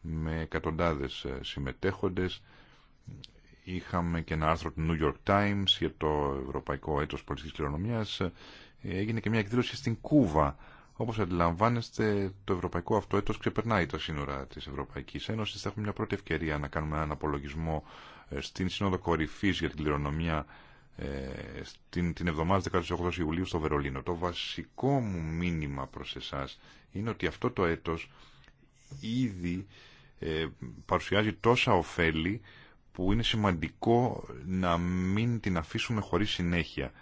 με εκατοντάδες ε, συμμετέχοντες Είχαμε και ένα άρθρο του New York Times για το Ευρωπαϊκό Έτος Πολιτικής Κληρονομιάς. Έγινε και μια εκδήλωση στην Κούβα. Όπως αντιλαμβάνεστε, το ευρωπαϊκό αυτό έτος ξεπερνάει τα σύνορα της Ευρωπαϊκής Ένωσης. Θα έχουμε μια πρώτη ευκαιρία να κάνουμε έναν απολογισμό ε, στην Σύνοδο Κορυφής για την κληρονομιά ε, στην, την εβδομάδα 18 Ιουλίου στο Βερολίνο. Το βασικό μου μήνυμα προς εσάς είναι ότι αυτό το έτος ήδη ε, παρουσιάζει τόσα ωφέλη που είναι σημαντικό να μην την αφήσουμε χωρίς συνέχεια.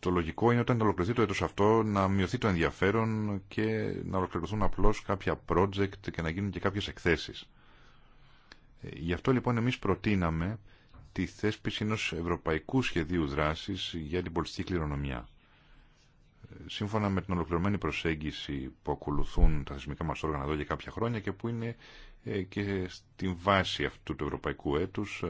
Το λογικό είναι όταν ολοκληρωθεί το έτος αυτό να μειωθεί το ενδιαφέρον και να ολοκληρωθούν απλώς κάποια project και να γίνουν και κάποιες εκθέσεις. Ε, γι' αυτό λοιπόν εμείς προτείναμε τη θέσπιση ενός ευρωπαϊκού σχεδίου δράσης για την πολιτική κληρονομιά σύμφωνα με την ολοκληρωμένη προσέγγιση που ακολουθούν τα θεσμικά μας όργανα εδώ για κάποια χρόνια και που είναι ε, και στην βάση αυτού του ευρωπαϊκού έτους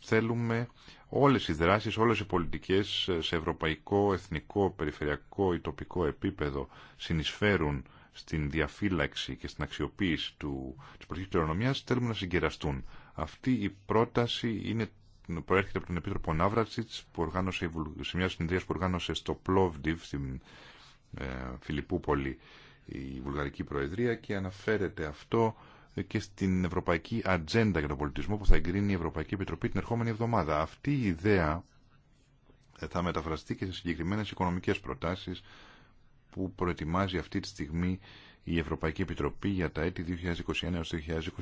θέλουμε όλες οι δράσεις, όλες οι πολιτικές σε ευρωπαϊκό, εθνικό, περιφερειακό ή τοπικό επίπεδο συνεισφέρουν στην διαφύλαξη και στην αξιοποίηση του, της προσοχής κληρονομιάς θέλουμε να συγκεραστούν. Αυτή η πρόταση είναι την, προέρχεται από τον Επίτροπο Ναύρατσιτ, που οργάνωσε, σε μια συνεδρία που οργάνωσε στο Πλόβντιβ στην ε, Φιλιππούπολη η Βουλγαρική Προεδρία και αναφέρεται αυτό και στην Ευρωπαϊκή Ατζέντα για τον Πολιτισμό που θα εγκρίνει η Ευρωπαϊκή Επιτροπή την ερχόμενη εβδομάδα. Αυτή η ιδέα ε, θα μεταφραστεί και σε συγκεκριμένε οικονομικέ προτάσει που προετοιμάζει αυτή τη στιγμή η Ευρωπαϊκή Επιτροπή για τα έτη 2021 έως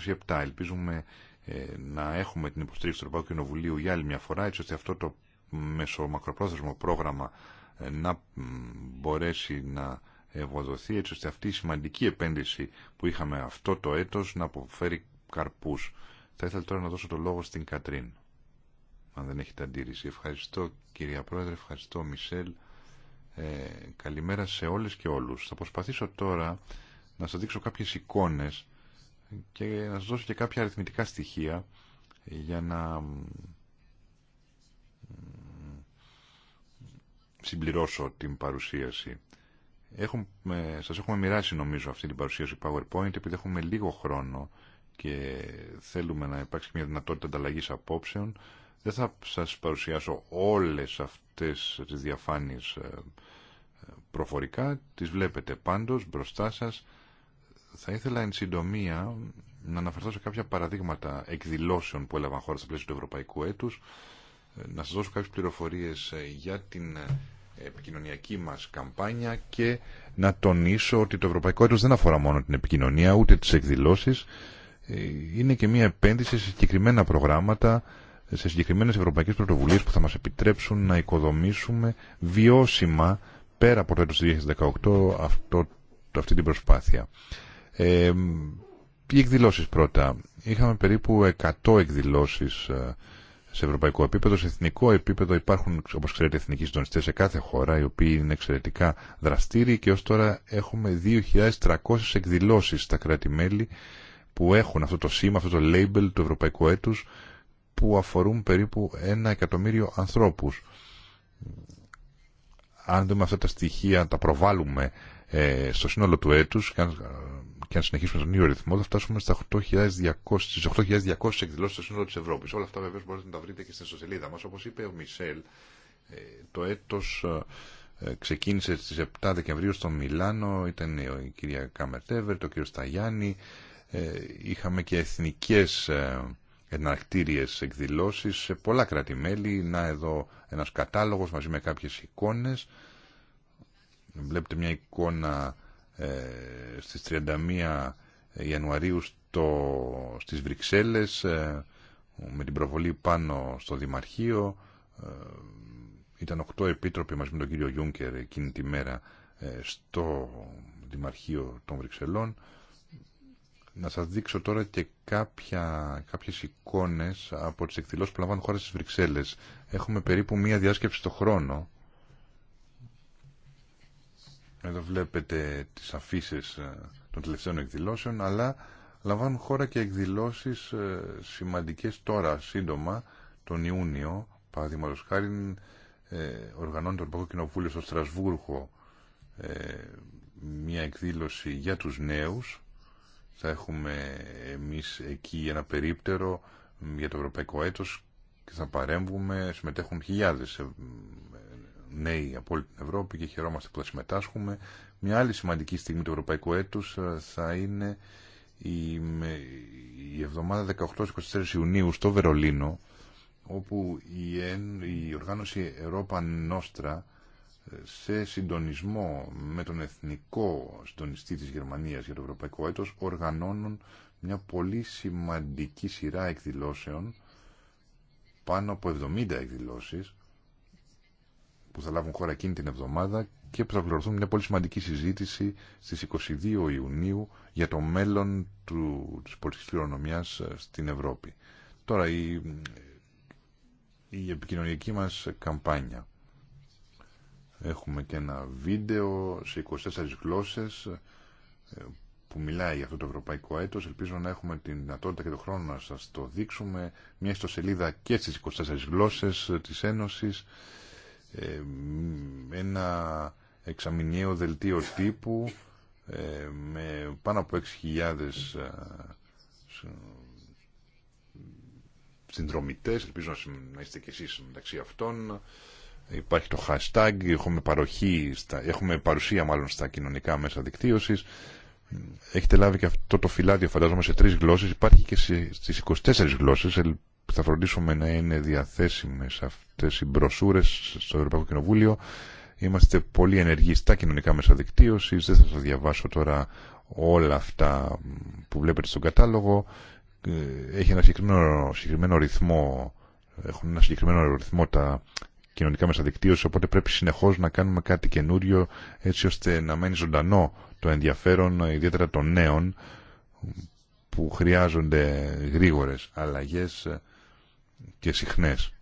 2027. Ελπίζουμε ε, να έχουμε την υποστήριξη του Ευρωπαϊκού Κοινοβουλίου για άλλη μια φορά, έτσι ώστε αυτό το μεσομακροπρόθεσμο πρόγραμμα ε, να μπορέσει να ευοδοθεί, έτσι ώστε αυτή η σημαντική επένδυση που είχαμε αυτό το έτος να αποφέρει καρπούς. Θα ήθελα τώρα να δώσω το λόγο στην Κατρίν, αν δεν έχετε αντίρρηση. Ευχαριστώ κυρία Πρόεδρε, ευχαριστώ Μισελ. Ε, καλημέρα σε όλες και όλους. Θα προσπαθήσω τώρα να σας δείξω κάποιες εικόνες και να σας δώσω και κάποια αριθμητικά στοιχεία για να συμπληρώσω την παρουσίαση. Έχουμε, σας έχουμε μοιράσει νομίζω αυτή την παρουσίαση PowerPoint επειδή έχουμε λίγο χρόνο και θέλουμε να υπάρξει μια δυνατότητα ανταλλαγή απόψεων. Δεν θα σας παρουσιάσω όλες αυτές τις διαφάνεις ε, ε, προφορικά. Τις βλέπετε πάντως μπροστά σας. Θα ήθελα εν συντομία να αναφερθώ σε κάποια παραδείγματα εκδηλώσεων που έλαβαν χώρα στο πλαίσιο του Ευρωπαϊκού Έτου, ε, να σα δώσω κάποιε πληροφορίε ε, για την ε, επικοινωνιακή μας καμπάνια και να τονίσω ότι το Ευρωπαϊκό Έτο δεν αφορά μόνο την επικοινωνία ούτε τι εκδηλώσει. είναι και μια επένδυση σε συγκεκριμένα προγράμματα, σε συγκεκριμένε ευρωπαϊκέ πρωτοβουλίε που θα μα επιτρέψουν να οικοδομήσουμε βιώσιμα πέρα από το έτος 2018 αυτό, αυτή την προσπάθεια. Ε, οι εκδηλώσεις πρώτα. Είχαμε περίπου 100 εκδηλώσεις ε, σε ευρωπαϊκό επίπεδο, σε εθνικό επίπεδο υπάρχουν όπως ξέρετε εθνικοί συντονιστές σε κάθε χώρα οι οποίοι είναι εξαιρετικά δραστήριοι και ως τώρα έχουμε 2.300 εκδηλώσεις στα κράτη-μέλη που έχουν αυτό το σήμα, αυτό το label του ευρωπαϊκού έτους που αφορούν περίπου ένα εκατομμύριο ανθρώπους. Αν δούμε αυτά τα στοιχεία, τα προβάλλουμε ε, στο σύνολο του έτους και αν συνεχίσουμε στον ίδιο ρυθμό θα φτάσουμε στα 8.200, στις 8.200 εκδηλώσεις στο σύνολο τη Ευρώπη. Όλα αυτά βεβαίω μπορείτε να τα βρείτε και στην ιστοσελίδα μα, όπω είπε ο Μισελ, ε, το έτο. Ε, ξεκίνησε στι 7 Δεκεμβρίου στο Μιλάνο, ήταν η κυρία Καμερτέβερ, το κύριο Σταγιάννη, ε, είχαμε και εθνικέ εναρκτήριε εκδηλώσει, σε πολλά κράτη-μέλη. Να εδώ ένα κατάλογος μαζί με κάποιε εικόνε, Βλέπετε μια εικόνα ε, στις 31 Ιανουαρίου στο, στις Βρυξέλλες ε, με την προβολή πάνω στο Δημαρχείο ε, ήταν 8 επίτροποι μαζί με τον κύριο Γιούνκερ εκείνη τη μέρα στο Δημαρχείο των Βρυξελών να σας δείξω τώρα και κάποια, κάποιες εικόνες από τις εκδηλώσεις που λαμβάνουν χώρα στις Βρυξέλλες έχουμε περίπου μία διάσκεψη το χρόνο εδώ βλέπετε τις αφήσει ε, των τελευταίων εκδηλώσεων, αλλά λαμβάνουν χώρα και εκδηλώσεις ε, σημαντικές τώρα, σύντομα, τον Ιούνιο, παραδείγματος χάρη ε, οργανώνει το Ευρωπαϊκό Κοινοβούλιο στο Στρασβούργο μια εκδήλωση για τους νέους. Θα έχουμε εμείς εκεί ένα περίπτερο για το Ευρωπαϊκό Έτος και θα παρέμβουμε, συμμετέχουν χιλιάδες νέοι από όλη την Ευρώπη και χαιρόμαστε που θα συμμετάσχουμε. Μια άλλη σημαντική στιγμή του Ευρωπαϊκού έτους ε, θα είναι η, η εβδομάδα 18-24 Ιουνίου στο Βερολίνο όπου η, η οργάνωση Europa Nostra ε, σε συντονισμό με τον εθνικό συντονιστή της Γερμανίας για το Ευρωπαϊκό Έτος οργανώνουν μια πολύ σημαντική σειρά εκδηλώσεων πάνω από 70 εκδηλώσεις που θα λάβουν χώρα εκείνη την εβδομάδα και που θα πληρωθούν μια πολύ σημαντική συζήτηση στις 22 Ιουνίου για το μέλλον του, της πολιτικής κληρονομιάς ε, στην Ευρώπη. Τώρα η, η επικοινωνιακή μας καμπάνια. Έχουμε και ένα βίντεο σε 24 γλώσσες ε, που μιλάει για αυτό το ευρωπαϊκό έτος. Ελπίζω να έχουμε τη δυνατότητα και τον χρόνο να σας το δείξουμε. Μια ιστοσελίδα και στις 24 γλώσσες ε, της Ένωσης ένα εξαμηνιαίο δελτίο τύπου ε, με πάνω από 6.000 ε, συνδρομητές, ελπίζω να είστε και εσείς μεταξύ αυτών. Υπάρχει το hashtag, έχουμε, παροχή, έχουμε παρουσία μάλλον στα κοινωνικά μέσα δικτύωσης. Έχετε λάβει και αυτό το φυλάδιο φαντάζομαι σε τρεις γλώσσες, υπάρχει και στις 24 γλώσσες, που θα φροντίσουμε να είναι διαθέσιμες αυτές οι μπροσούρες στο Ευρωπαϊκό Κοινοβούλιο. Είμαστε πολύ ενεργοί στα κοινωνικά μέσα δικτύωση. Δεν θα σας διαβάσω τώρα όλα αυτά που βλέπετε στον κατάλογο. Ε, έχει ένα συγκεκριμένο, ρυθμό, έχουν ένα συγκεκριμένο ρυθμό τα κοινωνικά μέσα δικτύωση, οπότε πρέπει συνεχώς να κάνουμε κάτι καινούριο έτσι ώστε να μένει ζωντανό το ενδιαφέρον ιδιαίτερα των νέων που χρειάζονται γρήγορες αλλαγές και συχνές.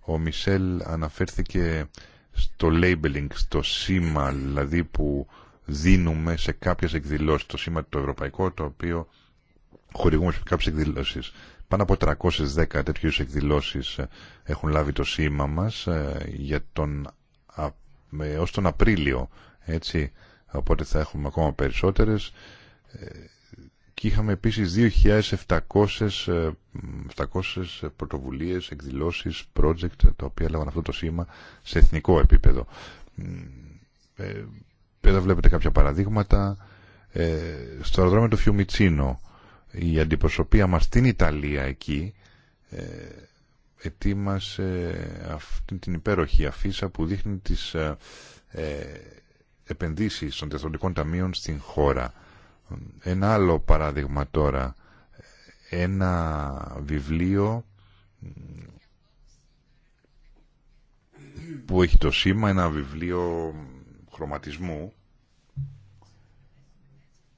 Ο Μισελ αναφέρθηκε στο labeling, στο σήμα δηλαδή που δίνουμε σε κάποιες εκδηλώσεις, το σήμα το ευρωπαϊκό το οποίο χορηγούμε σε κάποιες εκδηλώσεις. Πάνω από 310 τέτοιες εκδηλώσεις ε, έχουν λάβει το σήμα μας ε, για τον, ως τον Απρίλιο, έτσι, οπότε θα έχουμε ακόμα περισσότερες. Ε, και είχαμε επίσης 2.700 700 ε, ε, πρωτοβουλίες, εκδηλώσεις, project τα οποία έλαβαν αυτό το σήμα σε εθνικό επίπεδο. Ε, εδώ βλέπετε κάποια παραδείγματα. Ε, στο αεροδρόμιο του Φιουμιτσίνο η αντιπροσωπεία μας στην Ιταλία εκεί ε, ετοίμασε αυτή την υπέροχη αφίσα που δείχνει τις ε, επενδύσεις των διαθροντικών ταμείων στην χώρα. Ένα άλλο παράδειγμα τώρα. Ένα βιβλίο που έχει το σήμα, ένα βιβλίο χρωματισμού.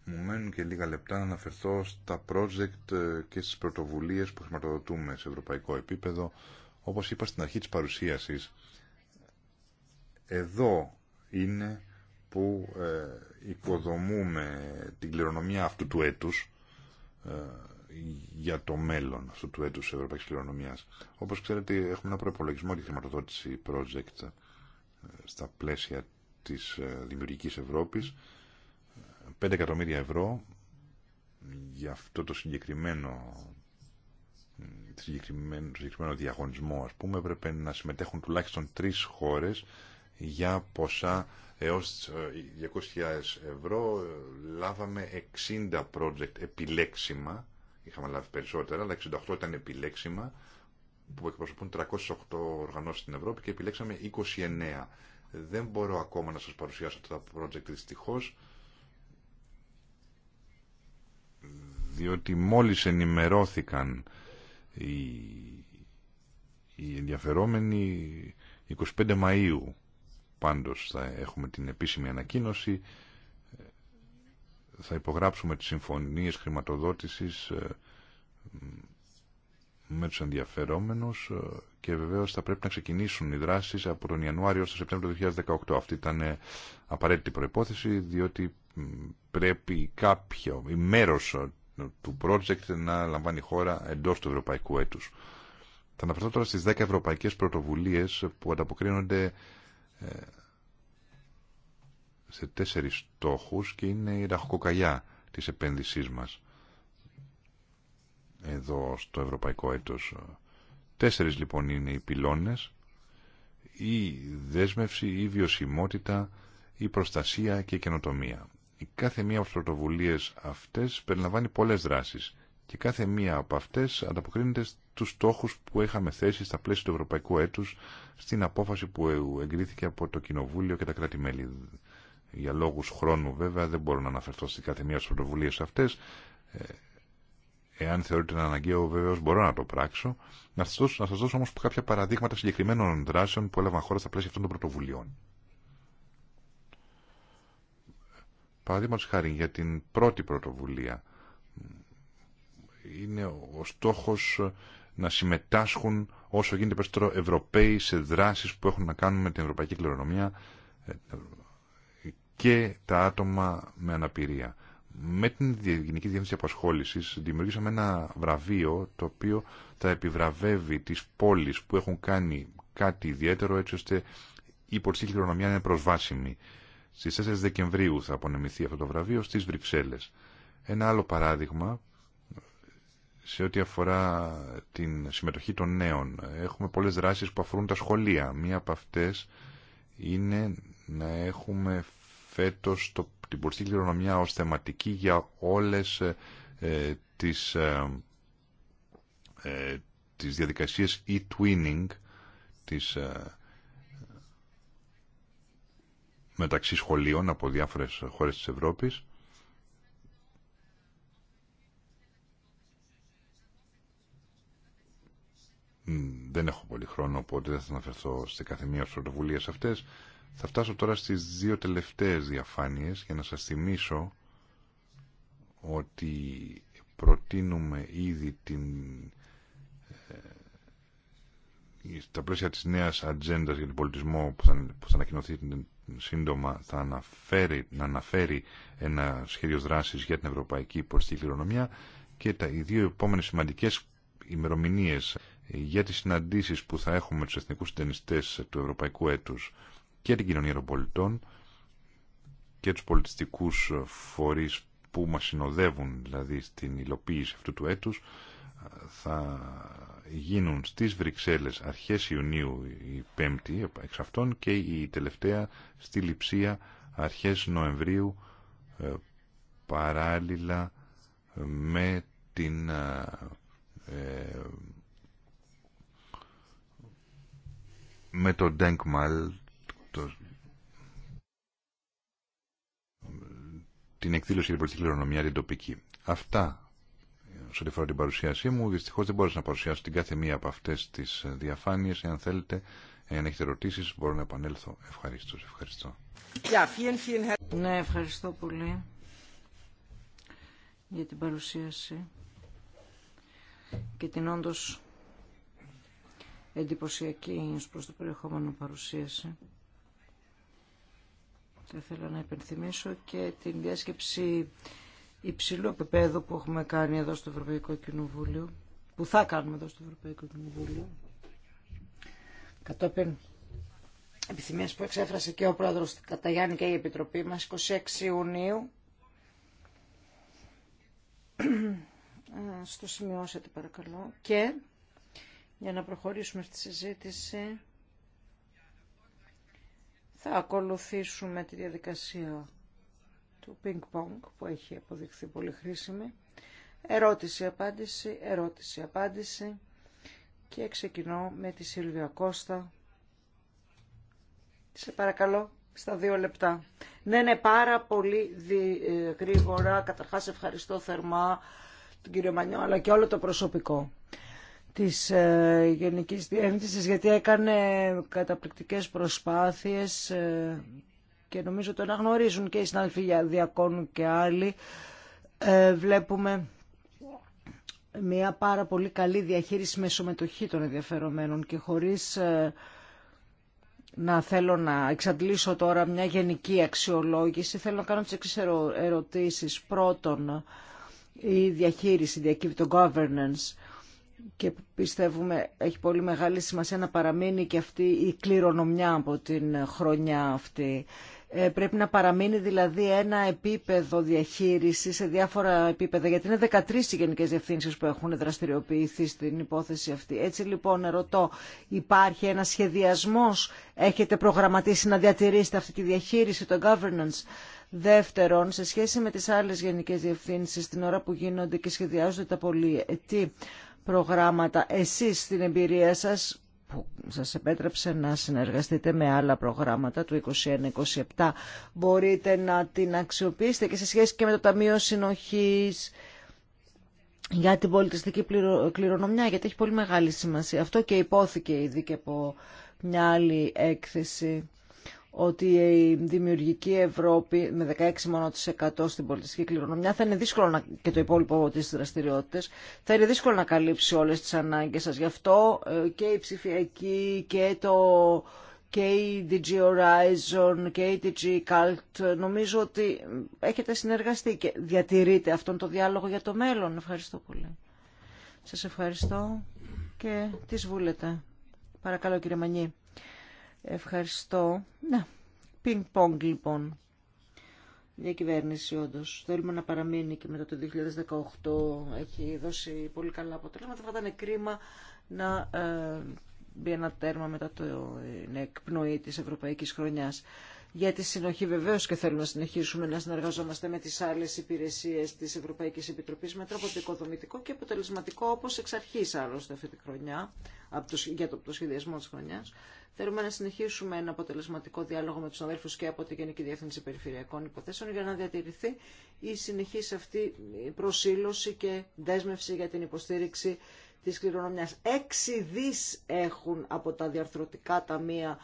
Μου μένουν και λίγα λεπτά να αναφερθώ στα project ε, και στις πρωτοβουλίες που χρηματοδοτούμε σε ευρωπαϊκό επίπεδο. Όπως είπα στην αρχή της παρουσίασης, εδώ είναι που ε, οικοδομούμε την κληρονομιά αυτού του έτους ε, για το μέλλον αυτού του έτους της Ευρωπαϊκής Κληρονομιάς. Όπως ξέρετε έχουμε ένα προπολογισμό για χρηματοδότηση project ε, στα πλαίσια της Δημιουργικής Ευρώπης 5 εκατομμύρια ευρώ για αυτό το συγκεκριμένο συγκεκριμένο, συγκεκριμένο διαγωνισμό ας πούμε έπρεπε να συμμετέχουν τουλάχιστον τρεις χώρες για ποσά έως 200.000 ε, ευρώ ε, λάβαμε 60 project επιλέξιμα, είχαμε λάβει περισσότερα, αλλά 68 ήταν επιλέξιμα, που εκπροσωπούν 308 οργανώσεις στην Ευρώπη και επιλέξαμε 29. Δεν μπορώ ακόμα να σας παρουσιάσω τα project δυστυχώς, διότι μόλις ενημερώθηκαν οι, οι ενδιαφερόμενοι 25 Μαΐου Πάντως θα έχουμε την επίσημη ανακοίνωση, θα υπογράψουμε τις συμφωνίες χρηματοδότησης ε, με τους ενδιαφερόμενους ε, και βεβαίως θα πρέπει να ξεκινήσουν οι δράσεις από τον Ιανουάριο στο Σεπτέμβριο του 2018. Αυτή ήταν ε, απαραίτητη προϋπόθεση διότι πρέπει κάποιο ή μέρος του project να λαμβάνει χώρα εντός του ευρωπαϊκού έτους. Θα αναφερθώ τώρα στις 10 ευρωπαϊκές πρωτοβουλίες που ανταποκρίνονται ε, σε τέσσερις στόχους και είναι η ραχοκοκαλιά της επένδυσής μας εδώ στο ευρωπαϊκό έτος. Ε, τέσσερις λοιπόν είναι οι πυλώνες, η δέσμευση, η βιωσιμότητα, η προστασία και η καινοτομία. Η κάθε μία από τις πρωτοβουλίες αυτές περιλαμβάνει πολλές δράσεις και κάθε μία από αυτές ανταποκρίνεται στους στόχους που είχαμε θέσει στα πλαίσια του Ευρωπαϊκού Έτους στην απόφαση που εγκρίθηκε από το Κοινοβούλιο και τα κράτη-μέλη. Για λόγους χρόνου βέβαια δεν μπορώ να αναφερθώ στην κάθε μία πρωτοβουλίε πρωτοβουλίες αυτές. Ε, εάν θεωρείτε ένα αναγκαίο βεβαίω μπορώ να το πράξω. Να σα δώσω, δώσω όμως κάποια παραδείγματα συγκεκριμένων δράσεων που έλαβαν χώρα στα πλαίσια αυτών των πρωτοβουλειών. Παραδείγματο χάρη για την πρώτη πρωτοβουλία είναι ο στόχος να συμμετάσχουν όσο γίνεται περισσότερο Ευρωπαίοι σε δράσεις που έχουν να κάνουν με την ευρωπαϊκή κληρονομιά ε, και τα άτομα με αναπηρία. Με την Γενική Διεύθυνση Απασχόλησης δημιουργήσαμε ένα βραβείο το οποίο θα επιβραβεύει τις πόλεις που έχουν κάνει κάτι ιδιαίτερο έτσι ώστε η πολιτική κληρονομιά είναι προσβάσιμη. Στις 4 Δεκεμβρίου θα απονεμηθεί αυτό το βραβείο στις Βρυξέλλες. Ένα άλλο παράδειγμα σε ό,τι αφορά την συμμετοχή των νέων. Έχουμε πολλές δράσεις που αφορούν τα σχολεία. Μία από αυτές είναι να έχουμε φέτος το, την πολιτική κληρονομιά ως θεματική για όλες ε, ε τις, ε, ε, τις διαδικασίες e-twinning της, μεταξύ σχολείων από διάφορες χώρες της Ευρώπης Δεν έχω πολύ χρόνο, οπότε δεν θα αναφερθώ σε κάθε μία από πρωτοβουλίε αυτέ. Θα φτάσω τώρα στις δύο τελευταίες διαφάνειες για να σας θυμίσω ότι προτείνουμε ήδη την, στα ε, πλαίσια της νέας ατζέντα για τον πολιτισμό που θα, που θα ανακοινωθεί σύντομα θα αναφέρει, να αναφέρει ένα σχέδιο δράσης για την ευρωπαϊκή πολιτική και τα, δύο επόμενες σημαντικές ημερομηνίες για τις συναντήσεις που θα έχουμε τους εθνικούς συντενιστές του Ευρωπαϊκού έτους και την κοινωνία των πολιτών και τους πολιτιστικούς φορείς που μας συνοδεύουν δηλαδή στην υλοποίηση αυτού του έτους θα γίνουν στις Βρυξέλλες αρχές Ιουνίου η πέμπτη εξ αυτών και η τελευταία στη Λιψία αρχές Νοεμβρίου ε, παράλληλα με την ε, ε, με το Denkmal, το... την εκδήλωση για λοιπόν την πολιτική κληρονομιά την τοπική. Αυτά σε ό,τι αφορά την παρουσίασή μου. Δυστυχώ δεν μπορούσα να παρουσιάσω την κάθε μία από αυτέ τι διαφάνειε. Εάν θέλετε, εάν έχετε ερωτήσει, μπορώ να επανέλθω. Ευχαρίστω. Ευχαριστώ. Ναι, ευχαριστώ πολύ για την παρουσίαση και την όντως εντυπωσιακή ως προς το περιεχόμενο παρουσίαση. Θα ήθελα να υπενθυμίσω και την διάσκεψη υψηλού επίπεδου που έχουμε κάνει εδώ στο Ευρωπαϊκό Κοινοβούλιο, που θα κάνουμε εδώ στο Ευρωπαϊκό Κοινοβούλιο, κατόπιν επιθυμίας που εξέφρασε και ο πρόεδρος Καταγιάννη και η Επιτροπή μας 26 Ιουνίου. Στο *clears throat* σημειώσετε παρακαλώ. Και για να προχωρήσουμε στη συζήτηση θα ακολουθήσουμε τη διαδικασία του πινκ-πονγκ που έχει αποδειχθεί πολύ χρήσιμη. Ερώτηση-απάντηση, ερώτηση-απάντηση και ξεκινώ με τη Σίλβια Κώστα. Σε παρακαλώ, στα δύο λεπτά. Ναι, ναι, πάρα πολύ ε, γρήγορα. Καταρχάς ευχαριστώ θερμά τον κύριο Μανιό, αλλά και όλο το προσωπικό της ε, Γενικής Διεύθυνσης γιατί έκανε καταπληκτικές προσπάθειες ε, και νομίζω το αναγνωρίζουν και οι συνάδελφοι Διακόνου και άλλοι. Ε, βλέπουμε μια πάρα πολύ καλή διαχείριση με συμμετοχή των ενδιαφερομένων και χωρίς να θέλω να εξαντλήσω τώρα μια γενική αξιολόγηση, θέλω να κάνω τις εξής ερωτήσεις. Πρώτον, η διαχείριση, η το governance και πιστεύουμε έχει πολύ μεγάλη σημασία να παραμείνει και αυτή η κληρονομιά από την χρονιά αυτή. Ε, πρέπει να παραμείνει δηλαδή ένα επίπεδο διαχείρισης σε διάφορα επίπεδα, γιατί είναι 13 οι γενικέ διευθύνσει που έχουν δραστηριοποιηθεί στην υπόθεση αυτή. Έτσι λοιπόν, ρωτώ, υπάρχει ένα σχεδιασμός, έχετε προγραμματίσει να διατηρήσετε αυτή τη διαχείριση, το governance. Δεύτερον, σε σχέση με τις άλλες γενικές διευθύνσεις, την ώρα που γίνονται και σχεδιάζονται τα πολυετή προγράμματα εσείς στην εμπειρία σας που σας επέτρεψε να συνεργαστείτε με άλλα προγράμματα του 2021-2027 μπορείτε να την αξιοποιήσετε και σε σχέση και με το Ταμείο Συνοχής για την πολιτιστική κληρονομιά γιατί έχει πολύ μεγάλη σημασία αυτό και υπόθηκε ήδη και από μια άλλη έκθεση ότι η δημιουργική Ευρώπη με 16 μόνο στην πολιτιστική κληρονομιά θα είναι δύσκολο να, και το υπόλοιπο τις δραστηριότητε, θα είναι δύσκολο να καλύψει όλε τι ανάγκε σα. Γι' αυτό ε, και η ψηφιακή και το. Και η DG Horizon και η DG Cult νομίζω ότι έχετε συνεργαστεί και διατηρείτε αυτόν τον διάλογο για το μέλλον. Ευχαριστώ πολύ. Σας ευχαριστώ και τι βούλετε. Παρακαλώ κύριε Μανή. Ευχαριστώ. Ναι, πινκ πονγκ λοιπόν. Μια κυβέρνηση όντω. Θέλουμε να παραμείνει και μετά το 2018. Έχει δώσει πολύ καλά αποτελέσματα. Θα ήταν κρίμα να ε, μπει ένα τέρμα μετά το ε, εκπνοή της Ευρωπαϊκής Χρονιάς για τη συνοχή βεβαίως και θέλουμε να συνεχίσουμε να συνεργαζόμαστε με τις άλλες υπηρεσίες της Ευρωπαϊκής Επιτροπής με τρόπο οικοδομητικό και αποτελεσματικό όπως εξ αρχής άλλωστε αυτή τη χρονιά από το, για το, το σχεδιασμό της χρονιάς. Θέλουμε να συνεχίσουμε ένα αποτελεσματικό διάλογο με τους αδέλφους και από τη Γενική Διεύθυνση Περιφερειακών Υποθέσεων για να διατηρηθεί η συνεχής αυτή προσήλωση και δέσμευση για την υποστήριξη της κληρονομιάς. Έξι δις έχουν από τα διαρθρωτικά ταμεία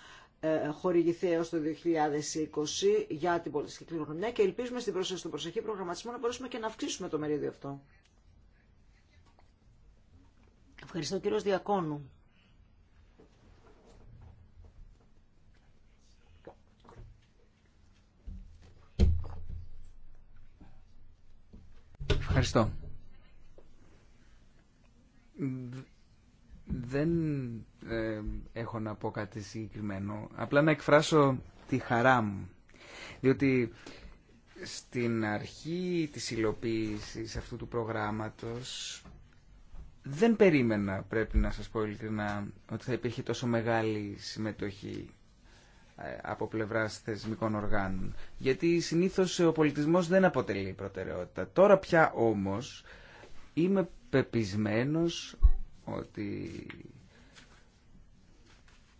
ε, χορηγηθεί έως το 2020 για την πολιτιστική κληρονομιά και ελπίζουμε στην προσοχή, του προσεχή προγραμματισμό να μπορέσουμε και να αυξήσουμε το μερίδιο αυτό. Ευχαριστώ κύριος Διακόνου. Ευχαριστώ. Δεν ε, έχω να πω κάτι συγκεκριμένο. Απλά να εκφράσω τη χαρά μου. Διότι στην αρχή της υλοποίησης αυτού του προγράμματος δεν περίμενα, πρέπει να σας πω ειλικρινά, ότι θα υπήρχε τόσο μεγάλη συμμετοχή ε, από πλευράς θεσμικών οργάνων. Γιατί συνήθως ο πολιτισμός δεν αποτελεί προτεραιότητα. Τώρα πια όμως είμαι πεπισμένος ότι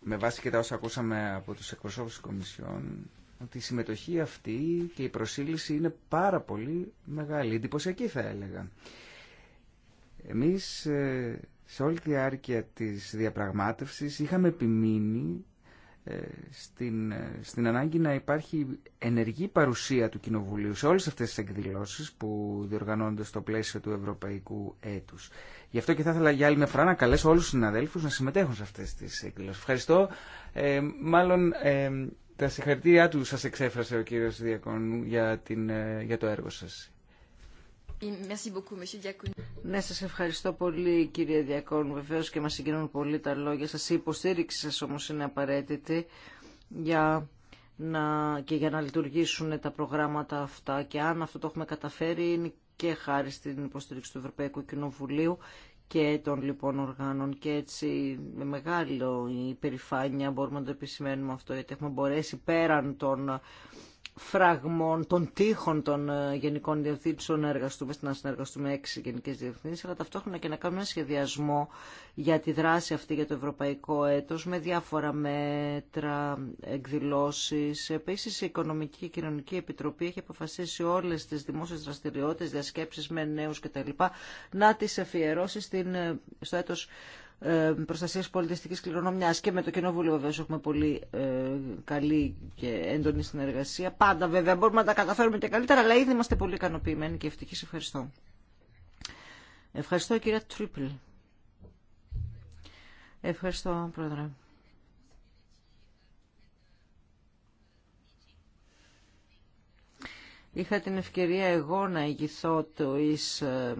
με βάση και τα όσα ακούσαμε από τους εκπροσώπους της Κομισιόν, ότι η συμμετοχή αυτή και η προσήλυση είναι πάρα πολύ μεγάλη, εντυπωσιακή θα έλεγα. Εμείς ε, σε όλη τη διάρκεια της διαπραγμάτευσης είχαμε επιμείνει ε, στην, ε, στην ανάγκη να υπάρχει ενεργή παρουσία του Κοινοβουλίου σε όλες αυτές τις εκδηλώσεις που διοργανώνονται στο πλαίσιο του Ευρωπαϊκού έτους. Γι' αυτό και θα ήθελα για άλλη μια φορά να καλέσω όλους τους συναδέλφους να συμμετέχουν σε αυτές τις εκδηλώσεις. Ευχαριστώ. Ε, μάλλον ε, τα συγχαρητήριά του σας εξέφρασε ο κύριος Διακόνου για, την, ε, για το έργο σας. Merci beaucoup, ναι, σας ευχαριστώ πολύ κύριε Διακόν. Βεβαίως και μας συγκινούν πολύ τα λόγια σας. Η υποστήριξη σας όμως είναι απαραίτητη για να, και για να λειτουργήσουν τα προγράμματα αυτά. Και αν αυτό το έχουμε καταφέρει είναι και χάρη στην υποστήριξη του Ευρωπαϊκού Κοινοβουλίου και των λοιπόν οργάνων και έτσι με μεγάλη υπερηφάνεια μπορούμε να το επισημαίνουμε αυτό γιατί έχουμε μπορέσει πέραν των φραγμών, των τείχων των ε, γενικών διευθύνσεων να εργαστούμε, να συνεργαστούμε έξι γενικέ διευθύνσει, αλλά ταυτόχρονα και να κάνουμε ένα σχεδιασμό για τη δράση αυτή για το ευρωπαϊκό έτο με διάφορα μέτρα, εκδηλώσει. Επίση, η Οικονομική και Κοινωνική Επιτροπή έχει αποφασίσει όλε τι δημόσιε δραστηριότητε, διασκέψει με νέου κτλ. να τι αφιερώσει ε, στο έτο ε, Προστασία πολιτιστική κληρονομιά και με το Κοινοβούλιο βεβαίω έχουμε πολύ ε, καλή και έντονη συνεργασία. Πάντα βέβαια μπορούμε να τα καταφέρουμε και καλύτερα, αλλά ήδη είμαστε πολύ ικανοποιημένοι και ευτυχεί. Ευχαριστώ. Ευχαριστώ κυρία Τρίπλ. Ευχαριστώ πρόεδρε. Είχα την ευκαιρία εγώ να ηγηθώ το εις ε,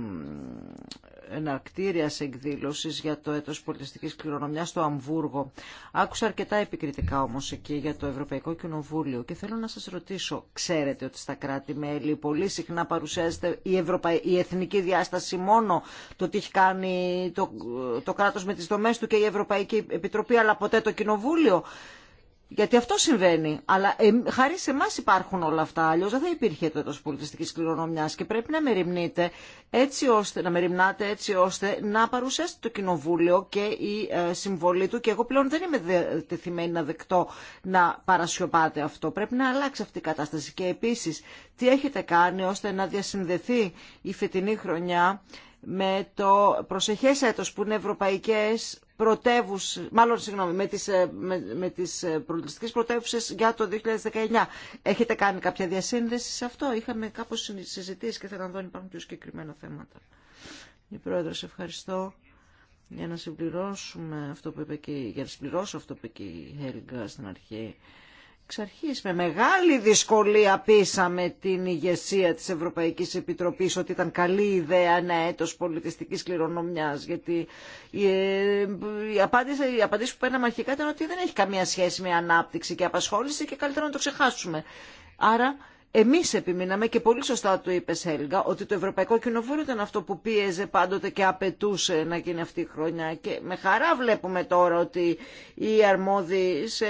εναρκτήρια εκδήλωση για το έτος πολιτιστική κληρονομιάς στο Αμβούργο. Άκουσα αρκετά επικριτικά όμως εκεί για το Ευρωπαϊκό Κοινοβούλιο και θέλω να σας ρωτήσω, ξέρετε ότι στα κράτη-μέλη πολύ συχνά παρουσιάζεται η, η εθνική διάσταση μόνο το τι έχει κάνει το... το κράτος με τις δομέ του και η Ευρωπαϊκή Επιτροπή αλλά ποτέ το Κοινοβούλιο. Γιατί αυτό συμβαίνει. Αλλά ε, χάρη σε εμά υπάρχουν όλα αυτά. Αλλιώ δεν θα υπήρχε το έτο πολιτιστική κληρονομιά και πρέπει να μεριμνείτε έτσι ώστε, να μεριμνάτε έτσι ώστε να παρουσιάσετε το κοινοβούλιο και η ε, συμβολή του. Και εγώ πλέον δεν είμαι να δεκτώ να παρασιωπάτε αυτό. Πρέπει να αλλάξει αυτή η κατάσταση. Και επίση, τι έχετε κάνει ώστε να διασυνδεθεί η φετινή χρονιά με το προσεχές έτος που είναι ευρωπαϊκές μάλλον με τις, ε, με, πρωτεύουσε τις ε, για το 2019. Έχετε κάνει κάποια διασύνδεση σε αυτό. Είχαμε κάπως συζητήσει και θέλω να δω αν υπάρχουν πιο συγκεκριμένα θέματα. Η Πρόεδρος, ευχαριστώ. Για να συμπληρώσουμε αυτό για να συμπληρώσω αυτό που είπε και η Χέλγκα στην αρχή, εξ με μεγάλη δυσκολία πείσαμε την ηγεσία της Ευρωπαϊκής Επιτροπής ότι ήταν καλή ιδέα ένα έτος πολιτιστικής κληρονομιάς γιατί η, ε, η, απάντηση, η που παίρναμε αρχικά ήταν ότι δεν έχει καμία σχέση με ανάπτυξη και απασχόληση και καλύτερα να το ξεχάσουμε. Άρα εμείς επιμείναμε και πολύ σωστά το είπε Σέλγα ότι το Ευρωπαϊκό Κοινοβούλιο ήταν αυτό που πίεζε πάντοτε και απαιτούσε να γίνει αυτή η χρονιά και με χαρά βλέπουμε τώρα ότι οι αρμόδιοι σε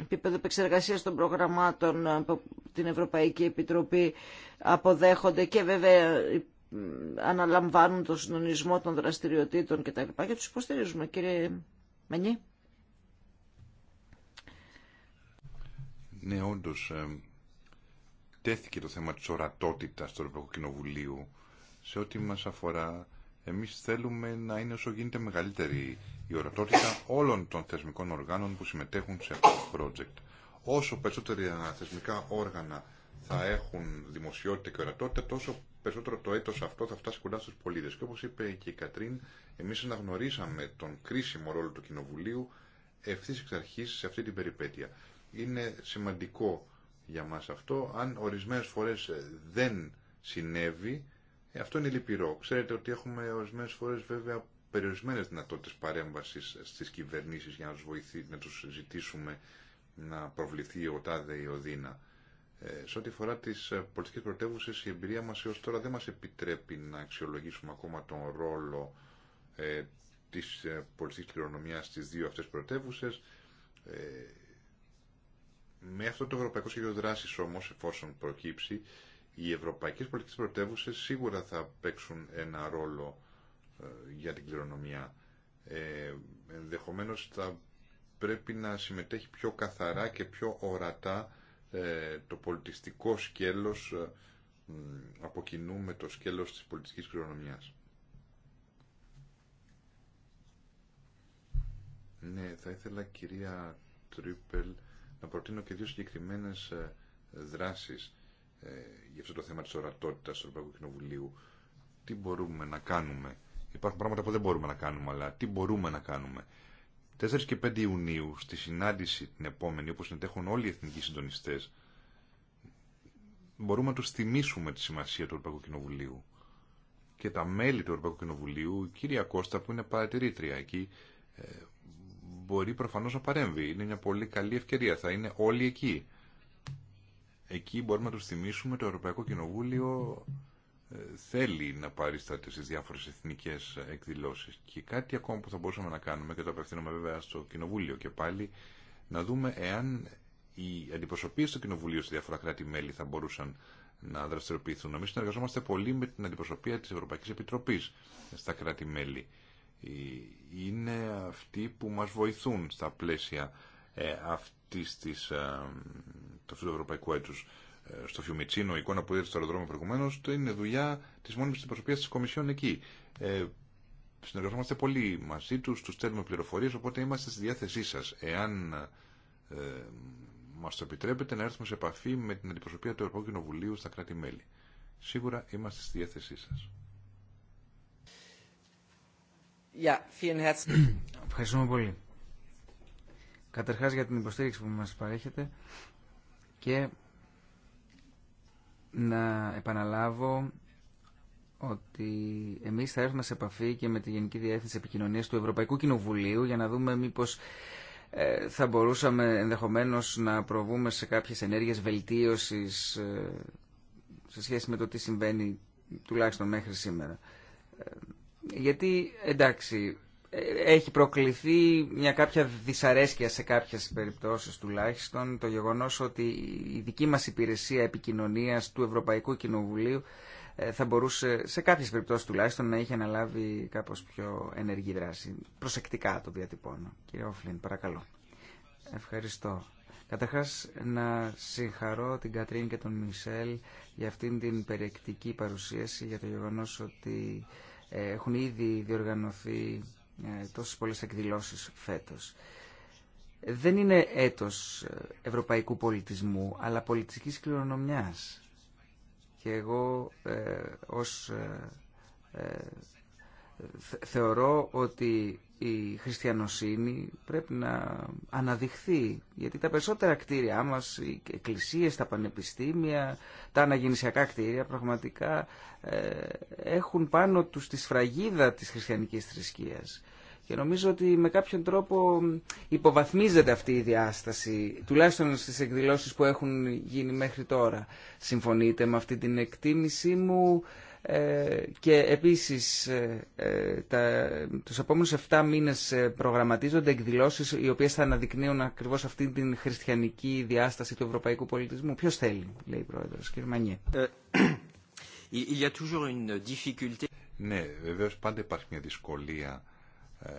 επίπεδο επεξεργασία των προγραμμάτων ε, από την Ευρωπαϊκή Επιτροπή αποδέχονται και βέβαια ε, αναλαμβάνουν τον συντονισμό των δραστηριοτήτων κτλ. Και τους υποστηρίζουμε, κύριε Μενή. Ναι, όντω. Ε, τέθηκε το θέμα της ορατότητας του Ευρωπαϊκού Κοινοβουλίου σε ό,τι μας αφορά εμείς θέλουμε να είναι όσο γίνεται μεγαλύτερη η ορατότητα όλων των θεσμικών οργάνων που συμμετέχουν σε αυτό το project. Όσο περισσότερα θεσμικά όργανα θα έχουν δημοσιότητα και ορατότητα, τόσο περισσότερο το έτος αυτό θα φτάσει κοντά στους πολίτες. Και όπως είπε και η Κατρίν, εμείς αναγνωρίσαμε τον κρίσιμο ρόλο του Κοινοβουλίου ευθύ εξ αρχή σε αυτή την περιπέτεια. Είναι σημαντικό για μας αυτό, αν ορισμένες φορές δεν συνέβη, ε, αυτό είναι λυπηρό. Ξέρετε ότι έχουμε ορισμένε φορέ βέβαια περιορισμένε δυνατότητε παρέμβαση στι κυβερνήσει για να του βοηθήσουμε, να του ζητήσουμε να προβληθεί ο τάδε ή ο δίνα. Ε, σε ό,τι αφορά τι ε, πολιτικέ πρωτεύουσε, η εμπειρία μα έω τώρα δεν μα επιτρέπει να αξιολογήσουμε ακόμα τον ρόλο ε, τη ε, πολιτική κληρονομιά στι δύο αυτέ πρωτεύουσε. Ε, με αυτό το Ευρωπαϊκό Σχέδιο Δράση όμω, εφόσον προκύψει, οι ευρωπαϊκές πολιτικές πρωτεύουσες σίγουρα θα παίξουν ένα ρόλο ε, για την κληρονομιά. Ε, ενδεχομένως θα πρέπει να συμμετέχει πιο καθαρά και πιο ορατά ε, το πολιτιστικό σκέλος ε, από κοινού με το σκέλος της πολιτικής κληρονομιάς. Ναι, θα ήθελα κυρία Τρίπελ να προτείνω και δύο συγκεκριμένες ε, δράσεις ε, για αυτό το θέμα της ορατότητας του Ευρωπαϊκού Κοινοβουλίου. Τι μπορούμε να κάνουμε. Υπάρχουν πράγματα που δεν μπορούμε να κάνουμε, αλλά τι μπορούμε να κάνουμε. 4 και 5 Ιουνίου, στη συνάντηση την επόμενη, όπως συνετέχουν όλοι οι εθνικοί συντονιστές μπορούμε να του θυμίσουμε τη σημασία του Ευρωπαϊκού Κοινοβουλίου. Και τα μέλη του Ευρωπαϊκού Κοινοβουλίου, η κυρία Κώστα που είναι παρατηρήτρια εκεί, ε, μπορεί προφανώ να παρέμβει. Είναι μια πολύ καλή ευκαιρία. Θα είναι όλοι εκεί. Εκεί μπορούμε να τους θυμίσουμε το Ευρωπαϊκό Κοινοβούλιο ε, θέλει να παρίσταται στις διάφορες εθνικές εκδηλώσεις. Και κάτι ακόμα που θα μπορούσαμε να κάνουμε, και το απευθύνομαι βέβαια στο Κοινοβούλιο και πάλι, να δούμε εάν οι αντιπροσωπείε του Κοινοβουλίου σε διάφορα κράτη-μέλη θα μπορούσαν να δραστηριοποιηθούν. Εμεί συνεργαζόμαστε πολύ με την αντιπροσωπεία τη Ευρωπαϊκή Επιτροπής στα κράτη-μέλη. Ε, είναι αυτοί που μα βοηθούν στα πλαίσια ε, αυτή το της, α, αυτού ε, του ευρωπαϊκού έτου ε, στο Φιουμιτσίνο, η εικόνα που είδατε στο αεροδρόμιο προηγουμένω, το είναι δουλειά τη μόνιμη αντιπροσωπεία τη Κομισιόν εκεί. Ε, συνεργαζόμαστε πολύ μαζί του, του στέλνουμε πληροφορίε, οπότε είμαστε στη διάθεσή σα. Εάν ε, μα το επιτρέπετε, να έρθουμε σε επαφή με την αντιπροσωπεία του Ευρωπαϊκού Κοινοβουλίου στα κράτη-μέλη. Σίγουρα είμαστε στη διάθεσή σα. Ευχαριστούμε πολύ καταρχάς για την υποστήριξη που μας παρέχετε και να επαναλάβω ότι εμείς θα έρθουμε σε επαφή και με τη Γενική Διεύθυνση Επικοινωνίας του Ευρωπαϊκού Κοινοβουλίου για να δούμε μήπως ε, θα μπορούσαμε ενδεχομένως να προβούμε σε κάποιες ενέργειες βελτίωσης ε, σε σχέση με το τι συμβαίνει τουλάχιστον μέχρι σήμερα. Ε, γιατί, εντάξει, έχει προκληθεί μια κάποια δυσαρέσκεια σε κάποιες περιπτώσεις τουλάχιστον το γεγονός ότι η δική μας υπηρεσία επικοινωνίας του Ευρωπαϊκού Κοινοβουλίου ε, θα μπορούσε σε κάποιες περιπτώσεις τουλάχιστον να είχε αναλάβει κάπως πιο ενεργή δράση. Προσεκτικά το διατυπώνω. Κύριε Όφλιν, παρακαλώ. Ευχαριστώ. Καταρχάς να συγχαρώ την Κατρίν και τον Μισελ για αυτήν την περιεκτική παρουσίαση για το γεγονός ότι ε, έχουν ήδη διοργανωθεί ε, τόσες πολλές εκδηλώσεις φέτος. Δεν είναι έτος ε, ευρωπαϊκού πολιτισμού, αλλά πολιτιστικής κληρονομιάς. Και εγώ ε, ως ε, θεωρώ ότι η χριστιανοσύνη πρέπει να αναδειχθεί γιατί τα περισσότερα κτίρια μας, οι εκκλησίες, τα πανεπιστήμια, τα αναγεννησιακά κτίρια πραγματικά έχουν πάνω τους τη σφραγίδα της χριστιανικής θρησκείας. Και νομίζω ότι με κάποιον τρόπο υποβαθμίζεται αυτή η διάσταση, τουλάχιστον στις εκδηλώσεις που έχουν γίνει μέχρι τώρα. Συμφωνείτε με αυτή την εκτίμησή μου ε, και επίσης ε, τα, τους επόμενους 7 μήνες προγραμματίζονται εκδηλώσεις οι οποίες θα αναδεικνύουν ακριβώς αυτή την χριστιανική διάσταση του ευρωπαϊκού πολιτισμού. Ποιος θέλει, λέει η Πρόεδρος, κύριε Μανιέ. Ναι, βεβαίως πάντα υπάρχει μια δυσκολία ε,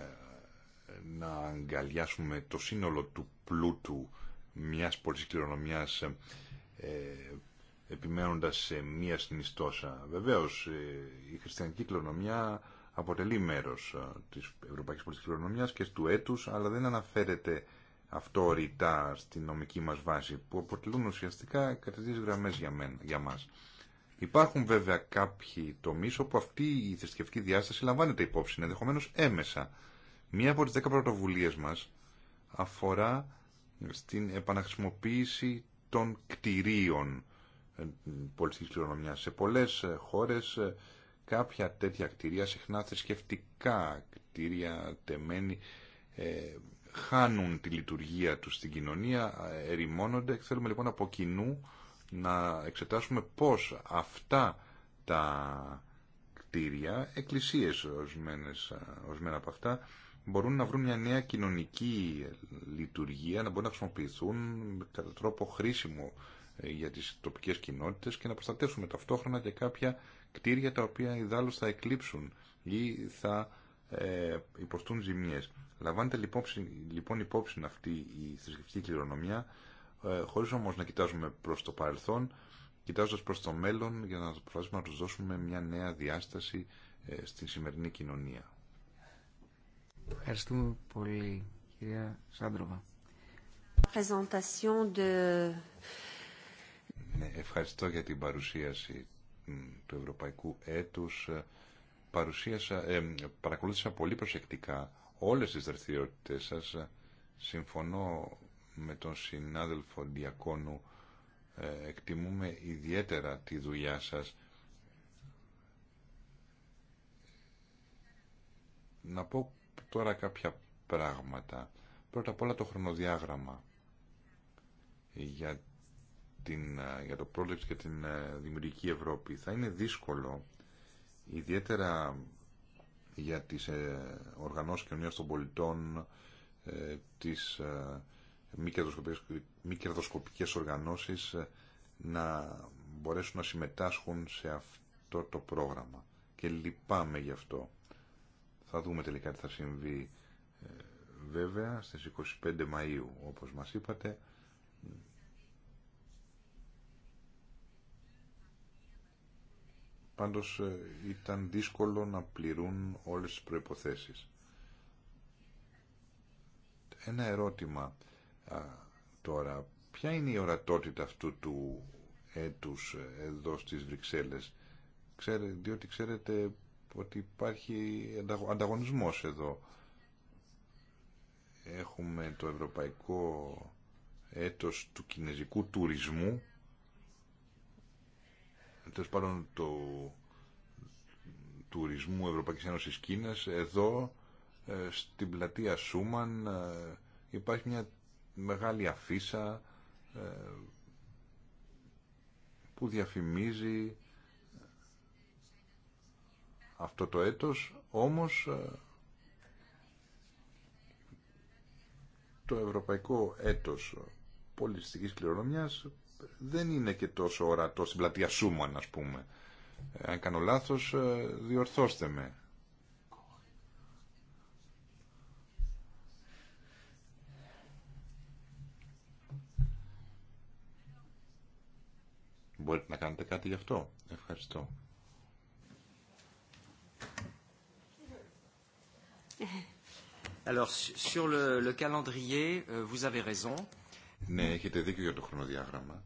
να αγκαλιάσουμε το σύνολο του πλούτου μιας πολιτικής κληρονομιάς ε, επιμένοντας σε μία συνιστόσα. Βεβαίως, ε, η χριστιανική κληρονομιά αποτελεί μέρος ε, της ευρωπαϊκής πολιτικής κληρονομιάς και του έτους, αλλά δεν αναφέρεται αυτό ρητά στη νομική μας βάση, που αποτελούν ουσιαστικά τις γραμμές για, μένα, για Υπάρχουν βέβαια κάποιοι τομεί όπου αυτή η θρησκευτική διάσταση λαμβάνεται υπόψη, ενδεχομένω έμεσα. Μία από τι δέκα πρωτοβουλίε μα αφορά στην επαναχρησιμοποίηση των κτηρίων ε, πολιτική κληρονομιά. Σε πολλέ ε, χώρε ε, κάποια τέτοια κτηρία, συχνά θρησκευτικά κτηρία τεμένη, χάνουν τη λειτουργία τους στην κοινωνία, ερημώνονται. Θέλουμε λοιπόν από κοινού να εξετάσουμε πώς αυτά τα κτίρια, εκκλησίες ορισμένες, ορισμένα από αυτά, μπορούν να βρουν μια νέα κοινωνική λειτουργία, να μπορούν να χρησιμοποιηθούν κατά τρόπο χρήσιμο ε, για τις τοπικές κοινότητες και να προστατεύσουμε ταυτόχρονα και κάποια κτίρια τα οποία ιδάλλως θα εκλείψουν ή θα ε, υποστούν ζημιές. Λαμβάνεται λοιπόν, λοιπόν υπόψη αυτή η θρησκευτική κληρονομιά ε, Χωρί όμω να κοιτάζουμε προ το παρελθόν, κοιτάζοντα προ το μέλλον για να προσπαθήσουμε να του δώσουμε μια νέα διάσταση ε, στην σημερινή κοινωνία. Ευχαριστούμε πολύ, κυρία Σάντροβα. Ναι, ευχαριστώ για την παρουσίαση του Ευρωπαϊκού Έτους. Ε, παρουσίασα, ε, παρακολούθησα πολύ προσεκτικά όλες τις δραστηριότητες σας. Συμφωνώ με τον συνάδελφο Διακόνου ε, εκτιμούμε ιδιαίτερα τη δουλειά σας να πω τώρα κάποια πράγματα πρώτα απ' όλα το χρονοδιάγραμμα για, την, ε, για το project και την ε, δημιουργική Ευρώπη θα είναι δύσκολο ιδιαίτερα για τις οργανώσεις κοινωνίας των πολιτών της μη κερδοσκοπικές, οργανώσει οργανώσεις ε, να μπορέσουν να συμμετάσχουν σε αυτό το πρόγραμμα. Και λυπάμαι γι' αυτό. Θα δούμε τελικά τι θα συμβεί ε, βέβαια στις 25 Μαΐου όπως μας είπατε πάντως ε, ήταν δύσκολο να πληρούν όλες τις προϋποθέσεις ένα ερώτημα Α, τώρα, ποια είναι η ορατότητα αυτού του έτους ε, εδώ στις Βρυξέλλες. διότι ξέρετε ότι υπάρχει ανταγωνισμός εδώ. Έχουμε το ευρωπαϊκό έτος του κινέζικου τουρισμού. Τέλος πάντων το τουρισμού Ευρωπαϊκής Ένωσης Κίνας. Εδώ ε, στην πλατεία Σούμαν ε, υπάρχει μια μεγάλη αφίσα ε, που διαφημίζει αυτό το έτος, όμως ε, το ευρωπαϊκό έτος πολιτιστικής κληρονομιάς δεν είναι και τόσο ορατό στην πλατεία Σούμαν, ας πούμε. Ε, αν κάνω λάθος, διορθώστε με. Μπορείτε να κάνετε κάτι γι' αυτό. Ευχαριστώ. Alors, sur le, le calendrier, euh, vous avez raison. Ναι, έχετε δίκιο για το χρονοδιάγραμμα.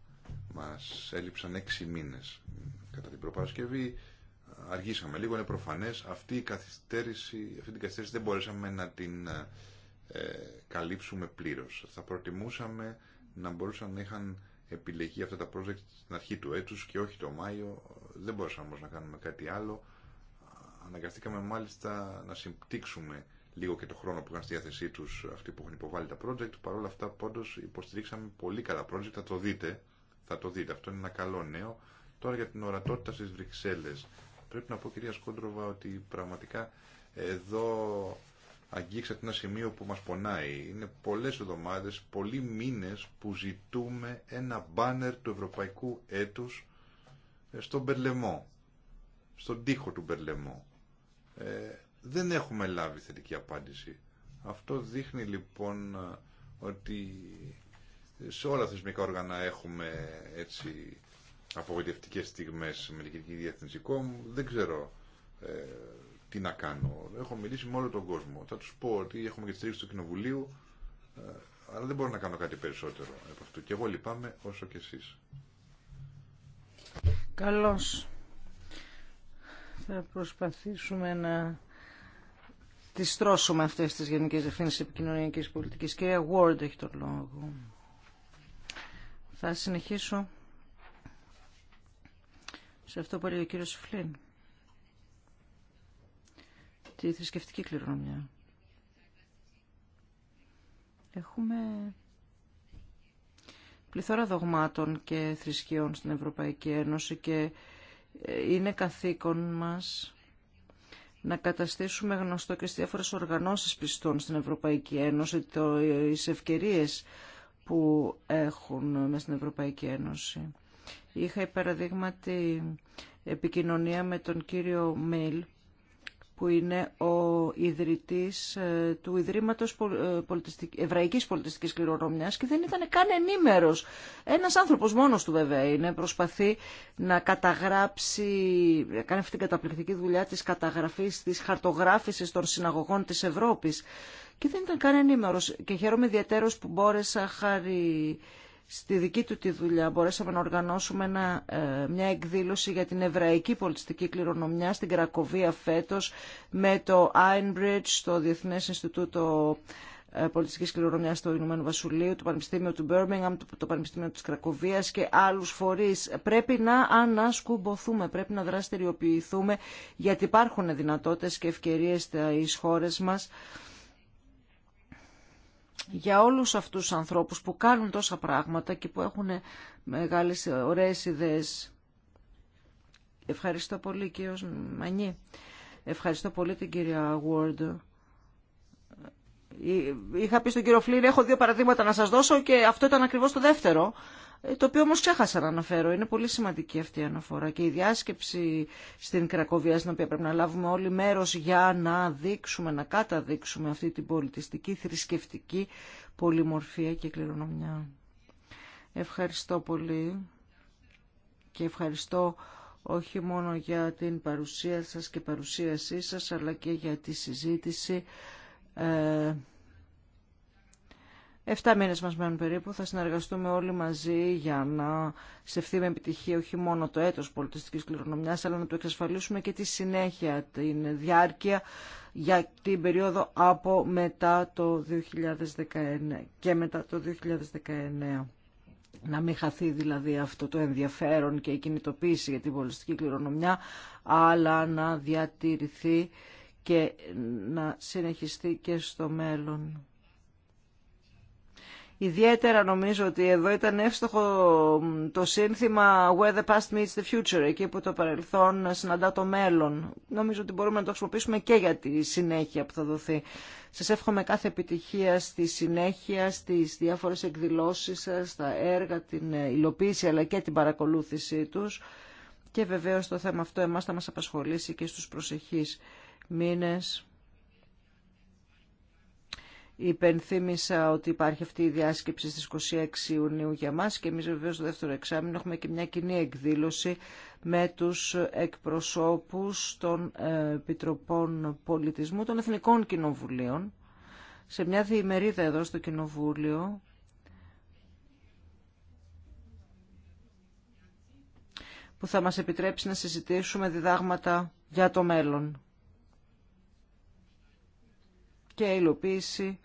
Μα έλειψαν έξι μήνε κατά την προπαρασκευή. Αργήσαμε λίγο, είναι προφανέ. Αυτή, η καθυστέρηση, αυτή την καθυστέρηση δεν μπορέσαμε να την ε, καλύψουμε πλήρω. Θα προτιμούσαμε να μπορούσαν να είχαν επιλεγεί αυτά τα project στην αρχή του έτους και όχι το Μάιο. Δεν μπορούσαμε όμως να κάνουμε κάτι άλλο. Αναγκαστήκαμε μάλιστα να συμπτύξουμε λίγο και το χρόνο που είχαν στη διάθεσή του αυτοί που έχουν υποβάλει τα project. Παρ' όλα αυτά πάντω υποστηρίξαμε πολύ καλά project. Θα το δείτε. Θα το δείτε. Αυτό είναι ένα καλό νέο. Τώρα για την ορατότητα στι Βρυξέλλες. Πρέπει να πω κυρία Σκόντροβα ότι πραγματικά εδώ αγγίξατε ένα σημείο που μας πονάει. Είναι πολλές εβδομάδες, πολλοί μήνες που ζητούμε ένα μπάνερ του ευρωπαϊκού έτους ε, στον Περλεμό. στον τοίχο του Περλεμό. Ε, δεν έχουμε λάβει θετική απάντηση. Αυτό δείχνει λοιπόν ε, ότι σε όλα τα θεσμικά όργανα έχουμε έτσι απογοητευτικές στιγμές με την Κυρική Δεν ξέρω τι να κάνω. Έχω μιλήσει με όλο τον κόσμο. Θα του πω ότι έχουμε και τη στήριξη του Κοινοβουλίου, ε, αλλά δεν μπορώ να κάνω κάτι περισσότερο από αυτό. Και εγώ λυπάμαι όσο και εσεί. Καλώ. Θα προσπαθήσουμε να τι στρώσουμε αυτέ τι Γενικέ Διευθύνσει Επικοινωνιακή Πολιτική. Κυρία award έχει τον λόγο. Θα συνεχίσω σε αυτό που έλεγε ο κύριος Φλίν η θρησκευτική κληρονομιά. Έχουμε πληθώρα δογμάτων και θρησκείων στην Ευρωπαϊκή Ένωση και ε, είναι καθήκον μας να καταστήσουμε γνωστό και στις διάφορες οργανώσεις πιστών στην Ευρωπαϊκή Ένωση τις ευκαιρίες που έχουν μέσα στην Ευρωπαϊκή Ένωση. Είχα παραδείγματι επικοινωνία με τον κύριο Μίλ που είναι ο ιδρυτής ε, του Ιδρύματος ε, Πολιτιστικ... Εβραϊκής Πολιτιστικής Κληρονομιάς και δεν ήταν καν ενήμερος. Ένας άνθρωπος μόνος του βέβαια είναι, προσπαθεί να καταγράψει, κάνει αυτή την καταπληκτική δουλειά της καταγραφής, της χαρτογράφησης των συναγωγών της Ευρώπης και δεν ήταν καν ενήμερος και χαίρομαι ιδιαίτερος που μπόρεσα χάρη στη δική του τη δουλειά μπορέσαμε να οργανώσουμε ε, μια εκδήλωση για την εβραϊκή πολιτιστική κληρονομιά στην Κρακοβία φέτος με το Einbridge, το Διεθνές Ινστιτούτο ε, Πολιτιστικής Κληρονομιάς του Ηνωμένου Βασιλείου, το Πανεπιστήμιο του Birmingham, το Πανεπιστήμιο της Κρακοβίας και άλλους φορείς. Πρέπει να ανασκουμποθούμε, πρέπει να δραστηριοποιηθούμε γιατί υπάρχουν δυνατότητες και ευκαιρίες στις χώρες μας για όλους αυτούς τους ανθρώπους που κάνουν τόσα πράγματα και που έχουν μεγάλες ωραίες ιδέες. Ευχαριστώ πολύ κύριο Μανί. Ευχαριστώ πολύ την κυρία Ward. Ε, είχα πει στον κύριο Φλίν, έχω δύο παραδείγματα να σας δώσω και αυτό ήταν ακριβώς το δεύτερο. Ε, το οποίο όμως ξέχασα να αναφέρω. Είναι πολύ σημαντική αυτή η αναφορά και η διάσκεψη στην Κρακοβία, στην οποία πρέπει να λάβουμε όλοι μέρος για να δείξουμε, να καταδείξουμε αυτή την πολιτιστική, θρησκευτική πολυμορφία και κληρονομιά. Ευχαριστώ πολύ και ευχαριστώ όχι μόνο για την παρουσία σας και παρουσίασή σας, αλλά και για τη συζήτηση. Ε, Εφτά μήνες μας μένουν περίπου, θα συνεργαστούμε όλοι μαζί για να σευθεί με επιτυχία όχι μόνο το έτος πολιτιστικής κληρονομιάς, αλλά να του εξασφαλίσουμε και τη συνέχεια, την διάρκεια για την περίοδο από μετά το 2019 και μετά το 2019. Να μην χαθεί δηλαδή αυτό το ενδιαφέρον και η κινητοποίηση για την πολιτιστική κληρονομιά, αλλά να διατηρηθεί και να συνεχιστεί και στο μέλλον. Ιδιαίτερα νομίζω ότι εδώ ήταν εύστοχο το σύνθημα «Where the past meets the future», εκεί που το παρελθόν συναντά το μέλλον. Νομίζω ότι μπορούμε να το χρησιμοποιήσουμε και για τη συνέχεια που θα δοθεί. Σας εύχομαι κάθε επιτυχία στη συνέχεια, στις διάφορες εκδηλώσεις σας, στα έργα, την ε, υλοποίηση αλλά και την παρακολούθησή τους. Και βεβαίως το θέμα αυτό εμάς θα μας απασχολήσει και στους προσεχείς μήνες. Υπενθύμησα ότι υπάρχει αυτή η διάσκεψη στις 26 Ιουνίου για μας και εμείς βεβαίως στο δεύτερο εξάμεινο έχουμε και μια κοινή εκδήλωση με τους εκπροσώπους των ε, Επιτροπών Πολιτισμού των Εθνικών Κοινοβουλίων σε μια διημερίδα εδώ στο Κοινοβούλιο που θα μας επιτρέψει να συζητήσουμε διδάγματα για το μέλλον και υλοποίηση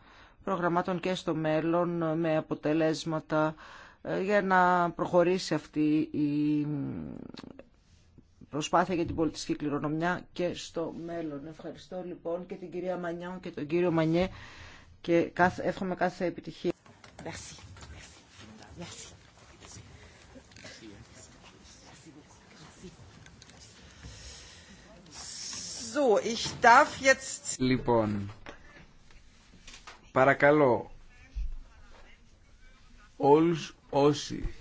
προγραμμάτων και στο μέλλον με αποτελέσματα για να προχωρήσει αυτή η προσπάθεια για την πολιτιστική κληρονομιά και στο μέλλον. Ευχαριστώ λοιπόν και την κυρία Μανιάν και τον κύριο Μανιέ και εύχομαι κάθε επιτυχία. Merci. Λοιπόν, Παρακαλώ όλους όσοι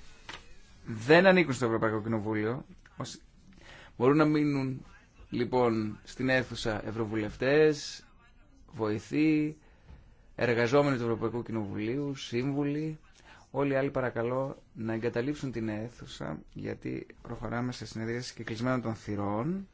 δεν ανήκουν στο Ευρωπαϊκό Κοινοβούλιο όσοι μπορούν να μείνουν λοιπόν στην αίθουσα ευρωβουλευτές, βοηθοί, εργαζόμενοι του Ευρωπαϊκού Κοινοβουλίου, σύμβουλοι. Όλοι οι άλλοι παρακαλώ να εγκαταλείψουν την αίθουσα γιατί προχωράμε σε συνεδρίαση και κλεισμένων των θυρών.